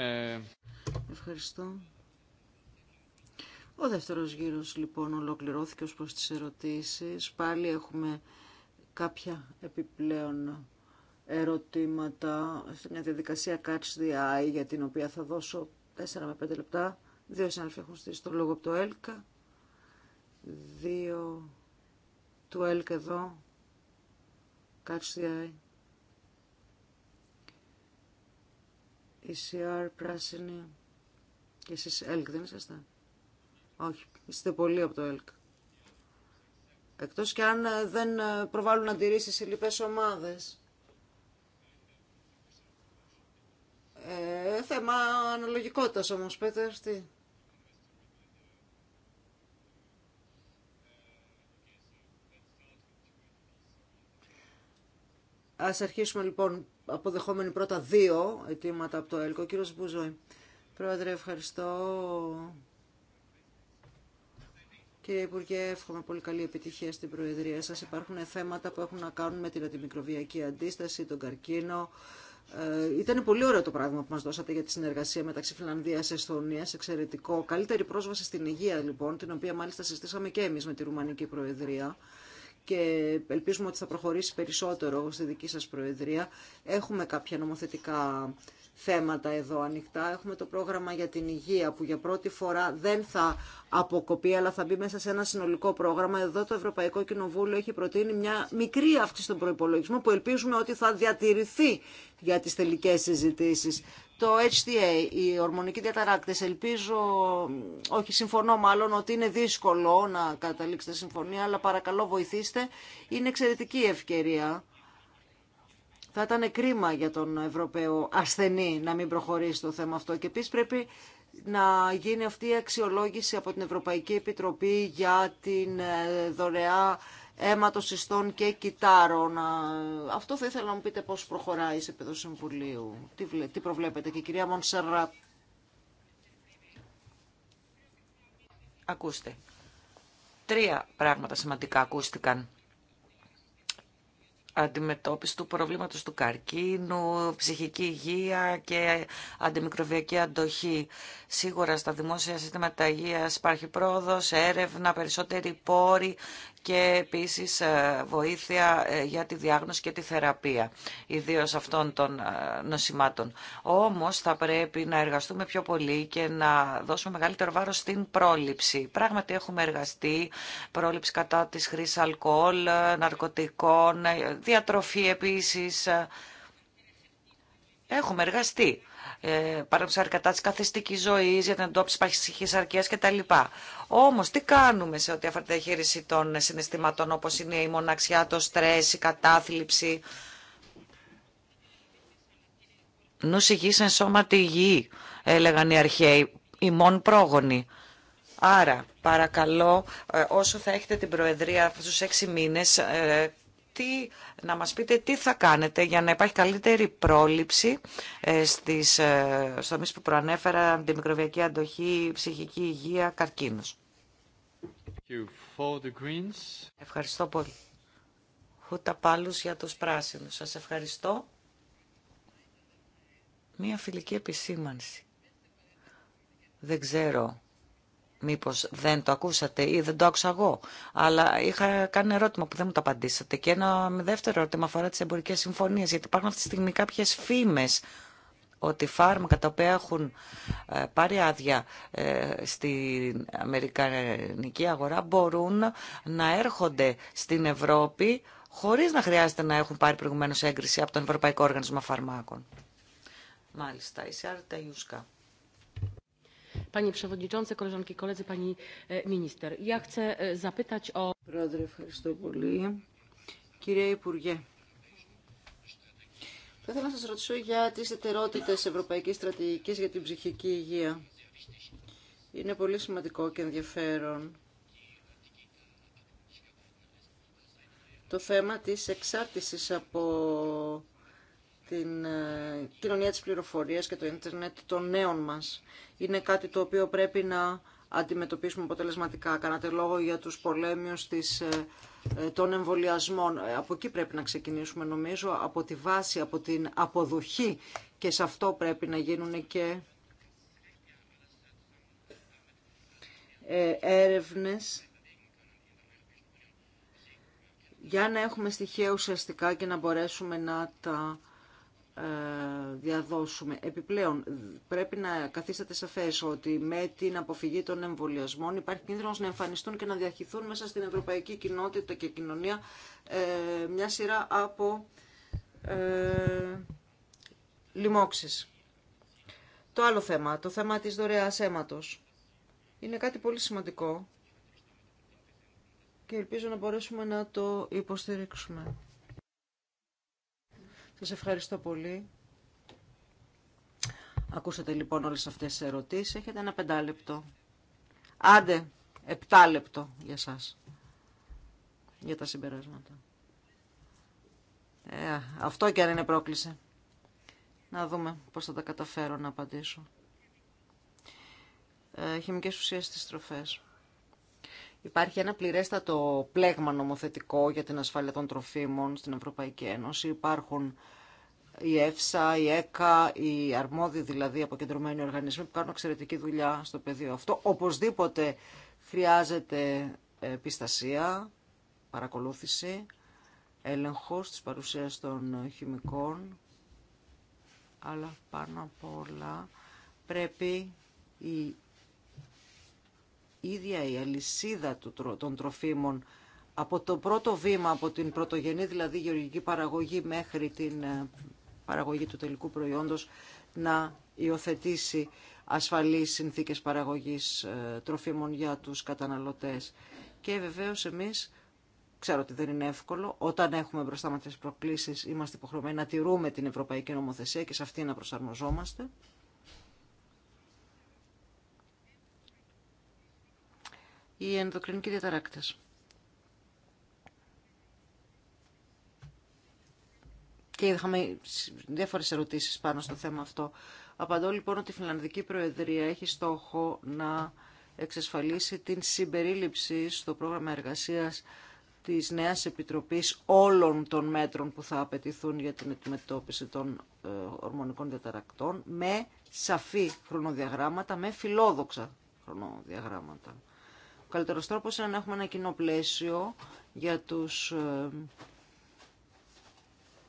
ε, ευχαριστώ. Ο δεύτερος γύρος λοιπόν ολοκληρώθηκε ως προς τις ερωτήσεις. Πάλι έχουμε κάποια επιπλέον ερωτήματα στην διαδικασία Catch the Eye για την οποία θα δώσω 4 με 5 λεπτά. Δύο συνάδελφοι έχουν στήσει το λόγο από το ΕΛΚΑ. Δύο του ΕΛΚΑ εδώ. Catch the Eye. ECR, πράσινη. Και εσείς ΕΛΚ δεν είσαστε. Όχι, είστε πολύ από το ΕΛΚ. Εκτός και αν ε, δεν ε, προβάλλουν αντιρρήσει οι λοιπέ ομάδες. Ε, θέμα αναλογικότητα όμω Πέτερ, τι. Ας αρχίσουμε λοιπόν αποδεχόμενοι πρώτα δύο αιτήματα από το ΕΛΚΟ. Κύριο Μπουζόη. Πρόεδρε, ευχαριστώ. Κύριε Υπουργέ, εύχομαι πολύ καλή επιτυχία στην Προεδρία σας. Υπάρχουν θέματα που έχουν να κάνουν με την αντιμικροβιακή αντίσταση, τον καρκίνο. Ε, ήταν πολύ ωραίο το πράγμα που μας δώσατε για τη συνεργασία μεταξύ Φιλανδίας και Εσθονίας, εξαιρετικό. Καλύτερη πρόσβαση στην υγεία λοιπόν, την οποία μάλιστα συστήσαμε και εμείς με τη Ρουμανική Προεδρία και ελπίζουμε ότι θα προχωρήσει περισσότερο στη δική σας Προεδρία. Έχουμε κάποια νομοθετικά θέματα εδώ ανοιχτά. Έχουμε το πρόγραμμα για την υγεία που για πρώτη φορά δεν θα αποκοπεί αλλά θα μπει μέσα σε ένα συνολικό πρόγραμμα. Εδώ το Ευρωπαϊκό Κοινοβούλιο έχει προτείνει μια μικρή αύξηση στον προπολογισμό που ελπίζουμε ότι θα διατηρηθεί για τις τελικές συζητήσεις. Το HTA, οι ορμονικοί διαταράκτες, ελπίζω, όχι συμφωνώ μάλλον ότι είναι δύσκολο να καταλήξετε συμφωνία, αλλά παρακαλώ βοηθήστε. Είναι εξαιρετική ευκαιρία. Θα ήταν κρίμα για τον Ευρωπαίο ασθενή να μην προχωρήσει το θέμα αυτό. Και επίση πρέπει να γίνει αυτή η αξιολόγηση από την Ευρωπαϊκή Επιτροπή για την ε, δωρεά αίματος ιστών και κυτάρων. Αυτό θα ήθελα να μου πείτε πώς προχωράει σε επίπεδο συμβουλίου. Τι, τι προβλέπετε και κυρία Μονσέρα. Ακούστε. Τρία πράγματα σημαντικά ακούστηκαν. Αντιμετώπιση του προβλήματος του καρκίνου, ψυχική υγεία και αντιμικροβιακή αντοχή. Σίγουρα στα δημόσια συστήματα υγείας υπάρχει πρόοδος, έρευνα, περισσότεροι πόροι και επίσης ε, βοήθεια ε, για τη διάγνωση και τη θεραπεία, ιδίως αυτών των ε, νοσημάτων. Όμως θα πρέπει να εργαστούμε πιο πολύ και να δώσουμε μεγαλύτερο βάρος στην πρόληψη. Πράγματι έχουμε εργαστεί πρόληψη κατά της χρήσης αλκοόλ, ναρκωτικών, διατροφή επίσης. Έχουμε εργαστεί ε, παράδειγμα αρκετά τη καθιστική ζωή, για την εντόπιση παχυσυχή αρκεία κτλ. Όμω, τι κάνουμε σε ό,τι αφορά τη διαχείριση των συναισθήματων όπω είναι η μοναξιά, το στρε, η κατάθλιψη. Νου υγιή εν τη γη, έλεγαν οι αρχαίοι, μόν πρόγονοι. Άρα, παρακαλώ, ε, όσο θα έχετε την Προεδρία αυτούς του έξι μήνες, ε, να μας πείτε τι θα κάνετε για να υπάρχει καλύτερη πρόληψη ε, στις, ε, που προανέφερα, αντιμικροβιακή αντοχή, ψυχική υγεία, καρκίνος. Ευχαριστώ πολύ. Χούτα πάλους για τους πράσινους. Σας ευχαριστώ. Μία φιλική επισήμανση. Δεν ξέρω Μήπως δεν το ακούσατε ή δεν το άκουσα εγώ. Αλλά είχα κάνει ερώτημα που δεν μου το απαντήσατε. Και ένα δεύτερο ερώτημα αφορά τις εμπορικές συμφωνίες. Γιατί υπάρχουν αυτή τη στιγμή κάποιες φήμες ότι φάρμακα τα οποία έχουν ε, πάρει άδεια ε, στην αμερικανική αγορά μπορούν να έρχονται στην Ευρώπη χωρίς να χρειάζεται να έχουν πάρει προηγουμένως έγκριση από τον Ευρωπαϊκό Οργανισμό Φαρμάκων. Μάλιστα, η Σιάρτα Ιούσκα. Panie Przewodniczący, koleżanki, ευχαριστώ πολύ. Κύριε Υπουργέ, θα ήθελα να σας ρωτήσω για τις εταιρότητες ευρωπαϊκής στρατηγικής για την ψυχική υγεία. Είναι πολύ σημαντικό και ενδιαφέρον το θέμα της εξάρτησης από την ε, κοινωνία της πληροφορίας και το ίντερνετ των νέων μας. Είναι κάτι το οποίο πρέπει να αντιμετωπίσουμε αποτελεσματικά. Κάνατε λόγο για τους πολέμιους της, ε, ε, των εμβολιασμών. Από εκεί πρέπει να ξεκινήσουμε νομίζω, από τη βάση, από την αποδοχή και σε αυτό πρέπει να γίνουν και έρευνες για να έχουμε στοιχεία ουσιαστικά και να μπορέσουμε να τα ε, διαδώσουμε. Επιπλέον, πρέπει να καθίσετε σαφές ότι με την αποφυγή των εμβολιασμών υπάρχει κίνδυνος να εμφανιστούν και να διαχυθούν μέσα στην ευρωπαϊκή κοινότητα και κοινωνία ε, μια σειρά από ε, λοιμώξεις. Το άλλο θέμα, το θέμα της δωρεάς αίματος. Είναι κάτι πολύ σημαντικό και ελπίζω να μπορέσουμε να το υποστηρίξουμε. Σας ευχαριστώ πολύ. Ακούσατε λοιπόν όλες αυτές τις ερωτήσεις. Έχετε ένα πεντάλεπτο. Άντε, επτάλεπτο για σας. Για τα συμπεράσματα. Ε, αυτό και αν είναι πρόκληση. Να δούμε πώς θα τα καταφέρω να απαντήσω. Ε, χημικές ουσίες στις τροφές. Υπάρχει ένα πληρέστατο πλέγμα νομοθετικό για την ασφάλεια των τροφίμων στην Ευρωπαϊκή Ένωση. Υπάρχουν η ΕΦΣΑ, η ΕΚΑ, οι αρμόδιοι δηλαδή αποκεντρωμένοι οργανισμοί που κάνουν εξαιρετική δουλειά στο πεδίο αυτό. Οπωσδήποτε χρειάζεται επιστασία, παρακολούθηση, Έλέγχο της παρουσίας των χημικών, αλλά πάνω απ' όλα πρέπει η ίδια η αλυσίδα των τροφίμων από το πρώτο βήμα, από την πρωτογενή δηλαδή γεωργική παραγωγή μέχρι την ε, παραγωγή του τελικού προϊόντος να υιοθετήσει ασφαλείς συνθήκες παραγωγής ε, τροφίμων για τους καταναλωτές. Και βεβαίως εμείς, ξέρω ότι δεν είναι εύκολο, όταν έχουμε μπροστά μας τις προκλήσεις είμαστε υποχρεωμένοι να τηρούμε την Ευρωπαϊκή Νομοθεσία και σε αυτή να προσαρμοζόμαστε. οι ενδοκρινικοί διαταράκτες. Και είχαμε διάφορες ερωτήσεις πάνω στο θέμα αυτό. Απαντώ λοιπόν ότι η Φιλανδική Προεδρία έχει στόχο να εξασφαλίσει την συμπερίληψη στο πρόγραμμα εργασίας της νέας επιτροπής όλων των μέτρων που θα απαιτηθούν για την αντιμετώπιση των ε, ορμονικών διαταρακτών με σαφή χρονοδιαγράμματα, με φιλόδοξα χρονοδιαγράμματα. Ο καλύτερος τρόπος είναι να έχουμε ένα κοινό πλαίσιο για τους... Ε,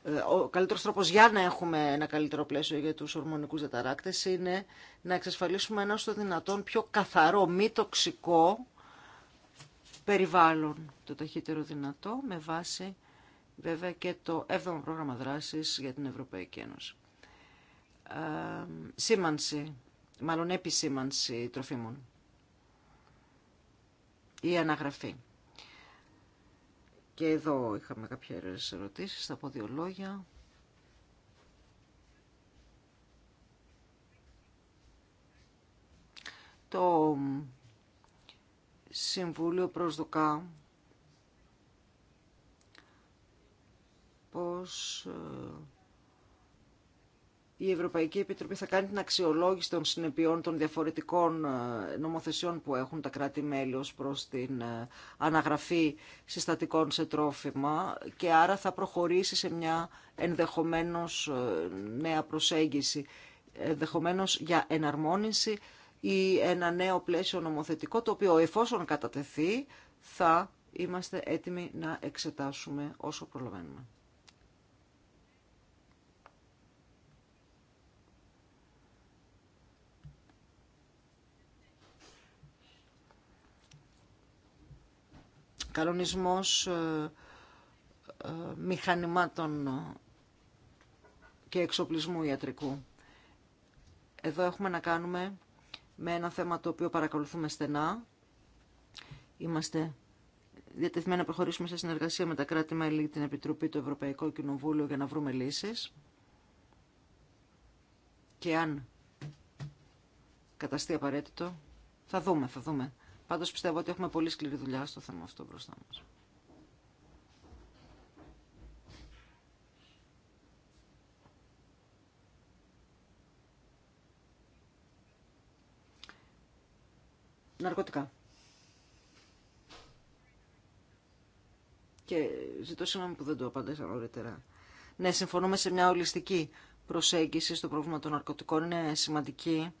ε, ο καλύτερο τρόπο για να έχουμε ένα καλύτερο πλαίσιο για τους ορμονικού διαταράκτες είναι να εξασφαλίσουμε ένα στο δυνατόν πιο καθαρό, μη τοξικό περιβάλλον το ταχύτερο δυνατό με βάση βέβαια και το 7ο πρόγραμμα δράσης για την Ευρωπαϊκή Ένωση. Ε, σήμανση, μάλλον επισήμανση τροφίμων η αναγραφή. Και εδώ είχαμε κάποιες ερωτήσεις, θα πω δύο λόγια. Το Συμβούλιο προσδοκά πως ε, η Ευρωπαϊκή Επιτροπή θα κάνει την αξιολόγηση των συνεπειών των διαφορετικών ε, νομοθεσιών που έχουν τα κράτη-μέλη ως προς την ε, αναγραφή συστατικών σε τρόφιμα και άρα θα προχωρήσει σε μια ενδεχομένως ε, νέα προσέγγιση, ενδεχομένως για εναρμόνιση ή ένα νέο πλαίσιο νομοθετικό το οποίο εφόσον κατατεθεί θα είμαστε έτοιμοι να εξετάσουμε όσο προλαβαίνουμε. κανονισμός ε, ε, μηχανημάτων ε, και εξοπλισμού ιατρικού. Εδώ έχουμε να κάνουμε με ένα θέμα το οποίο παρακολουθούμε στενά. Είμαστε διατεθειμένοι να προχωρήσουμε σε συνεργασία με τα κράτη μέλη, την Επιτροπή, του Ευρωπαϊκού Κοινοβούλου για να βρούμε λύσεις. Και αν καταστεί απαραίτητο, θα δούμε, θα δούμε Πάντως πιστεύω ότι έχουμε πολύ σκληρή δουλειά στο θέμα αυτό μπροστά μας. Ναρκωτικά. Και ζητώ συγγνώμη που δεν το απαντήσα νωρίτερα. Ναι, συμφωνούμε σε μια ολιστική προσέγγιση στο πρόβλημα των ναρκωτικών. Είναι σημαντική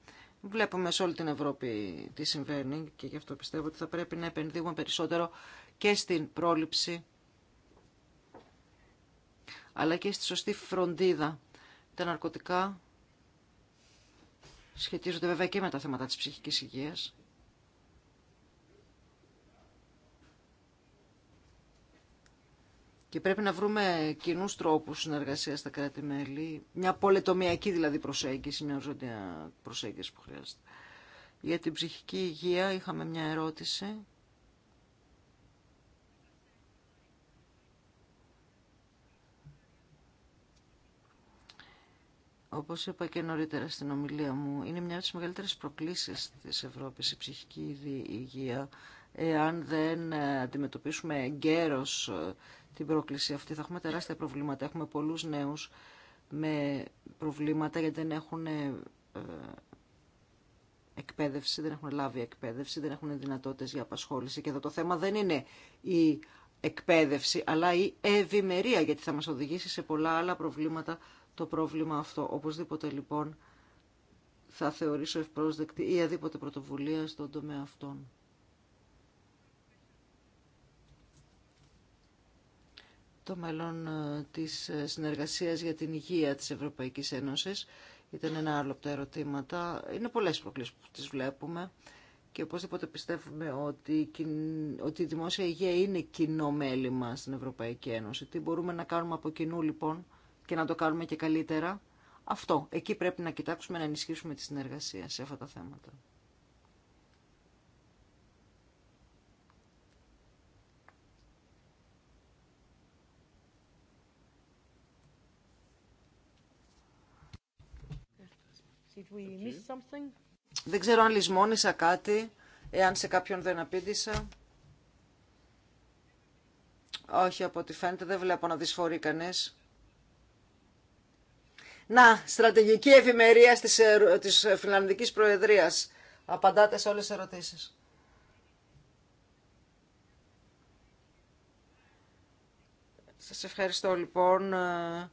Βλέπουμε σε όλη την Ευρώπη τι συμβαίνει και γι' αυτό πιστεύω ότι θα πρέπει να επενδύουμε περισσότερο και στην πρόληψη αλλά και στη σωστή φροντίδα. Τα ναρκωτικά σχετίζονται βέβαια και με τα θέματα της ψυχικής υγείας Και πρέπει να βρούμε κοινού τρόπου συνεργασία στα κράτη-μέλη, μια πολετομιακή δηλαδή προσέγγιση, μια οριζόντια προσέγγιση που χρειάζεται. Για την ψυχική υγεία είχαμε μια ερώτηση. Όπως είπα και νωρίτερα στην ομιλία μου, είναι μια από τις μεγαλύτερες προκλήσεις της Ευρώπης η ψυχική υγεία, εάν δεν ε, αντιμετωπίσουμε εγκαίρως ε, την πρόκληση αυτή. Θα έχουμε τεράστια προβλήματα. Έχουμε πολλούς νέους με προβλήματα γιατί δεν έχουν ε, εκπαίδευση, δεν έχουν λάβει εκπαίδευση, δεν έχουν δυνατότητες για απασχόληση. Και εδώ το θέμα δεν είναι η εκπαίδευση, αλλά η ευημερία, γιατί θα μας οδηγήσει σε πολλά άλλα προβλήματα το πρόβλημα αυτό. Οπωσδήποτε λοιπόν θα θεωρήσω ευπρόσδεκτη ή αδίποτε πρωτοβουλία στον τομέα αυτών. το μέλλον ε, της ε, συνεργασίας για την υγεία της Ευρωπαϊκής Ένωσης. Ήταν ένα άλλο από τα ερωτήματα. Είναι πολλές προκλήσεις που τις βλέπουμε και οπωσδήποτε πιστεύουμε ότι, ότι η δημόσια υγεία είναι κοινό μέλημα στην Ευρωπαϊκή Ένωση. Τι μπορούμε να κάνουμε από κοινού λοιπόν και να το κάνουμε και καλύτερα. Αυτό. Εκεί πρέπει να κοιτάξουμε να ενισχύσουμε τη συνεργασία σε αυτά τα θέματα. Δεν ξέρω αν λησμόνησα κάτι, εάν σε κάποιον δεν απήντησα. Όχι, από ό,τι φαίνεται δεν βλέπω να δυσφορεί κανείς. Να, στρατηγική ευημερία της, ε, της Φιλανδικής Προεδρίας. Απαντάτε σε όλες τις ερωτήσεις. Σας ευχαριστώ λοιπόν ε,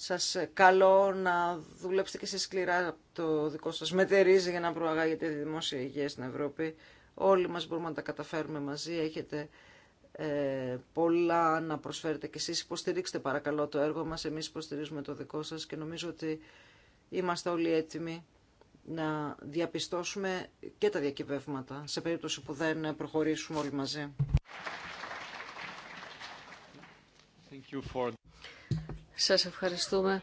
σας καλώ να δουλέψετε και σε σκληρά το δικό σας μετερίζει για να προαγάγετε τη δημόσια υγεία στην Ευρώπη. Όλοι μας μπορούμε να τα καταφέρουμε μαζί. Έχετε ε, πολλά να προσφέρετε και εσείς. Υποστηρίξτε παρακαλώ το έργο μας. Εμείς υποστηρίζουμε το δικό σας και νομίζω ότι είμαστε όλοι έτοιμοι να διαπιστώσουμε και τα διακυβεύματα σε περίπτωση που δεν προχωρήσουμε όλοι μαζί. Thank you for... Σας ευχαριστούμε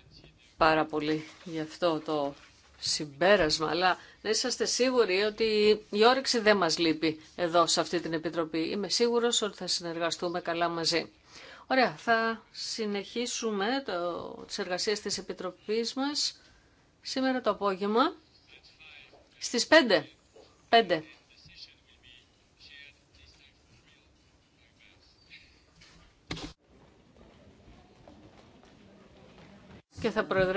πάρα πολύ για αυτό το συμπέρασμα, αλλά να είσαστε σίγουροι ότι η όρεξη δεν μας λείπει εδώ σε αυτή την Επιτροπή. Είμαι σίγουρος ότι θα συνεργαστούμε καλά μαζί. Ωραία, θα συνεχίσουμε το, τις εργασίες της Επιτροπής μας σήμερα το απόγευμα στις 5. 5. και θα προεδρεύσω.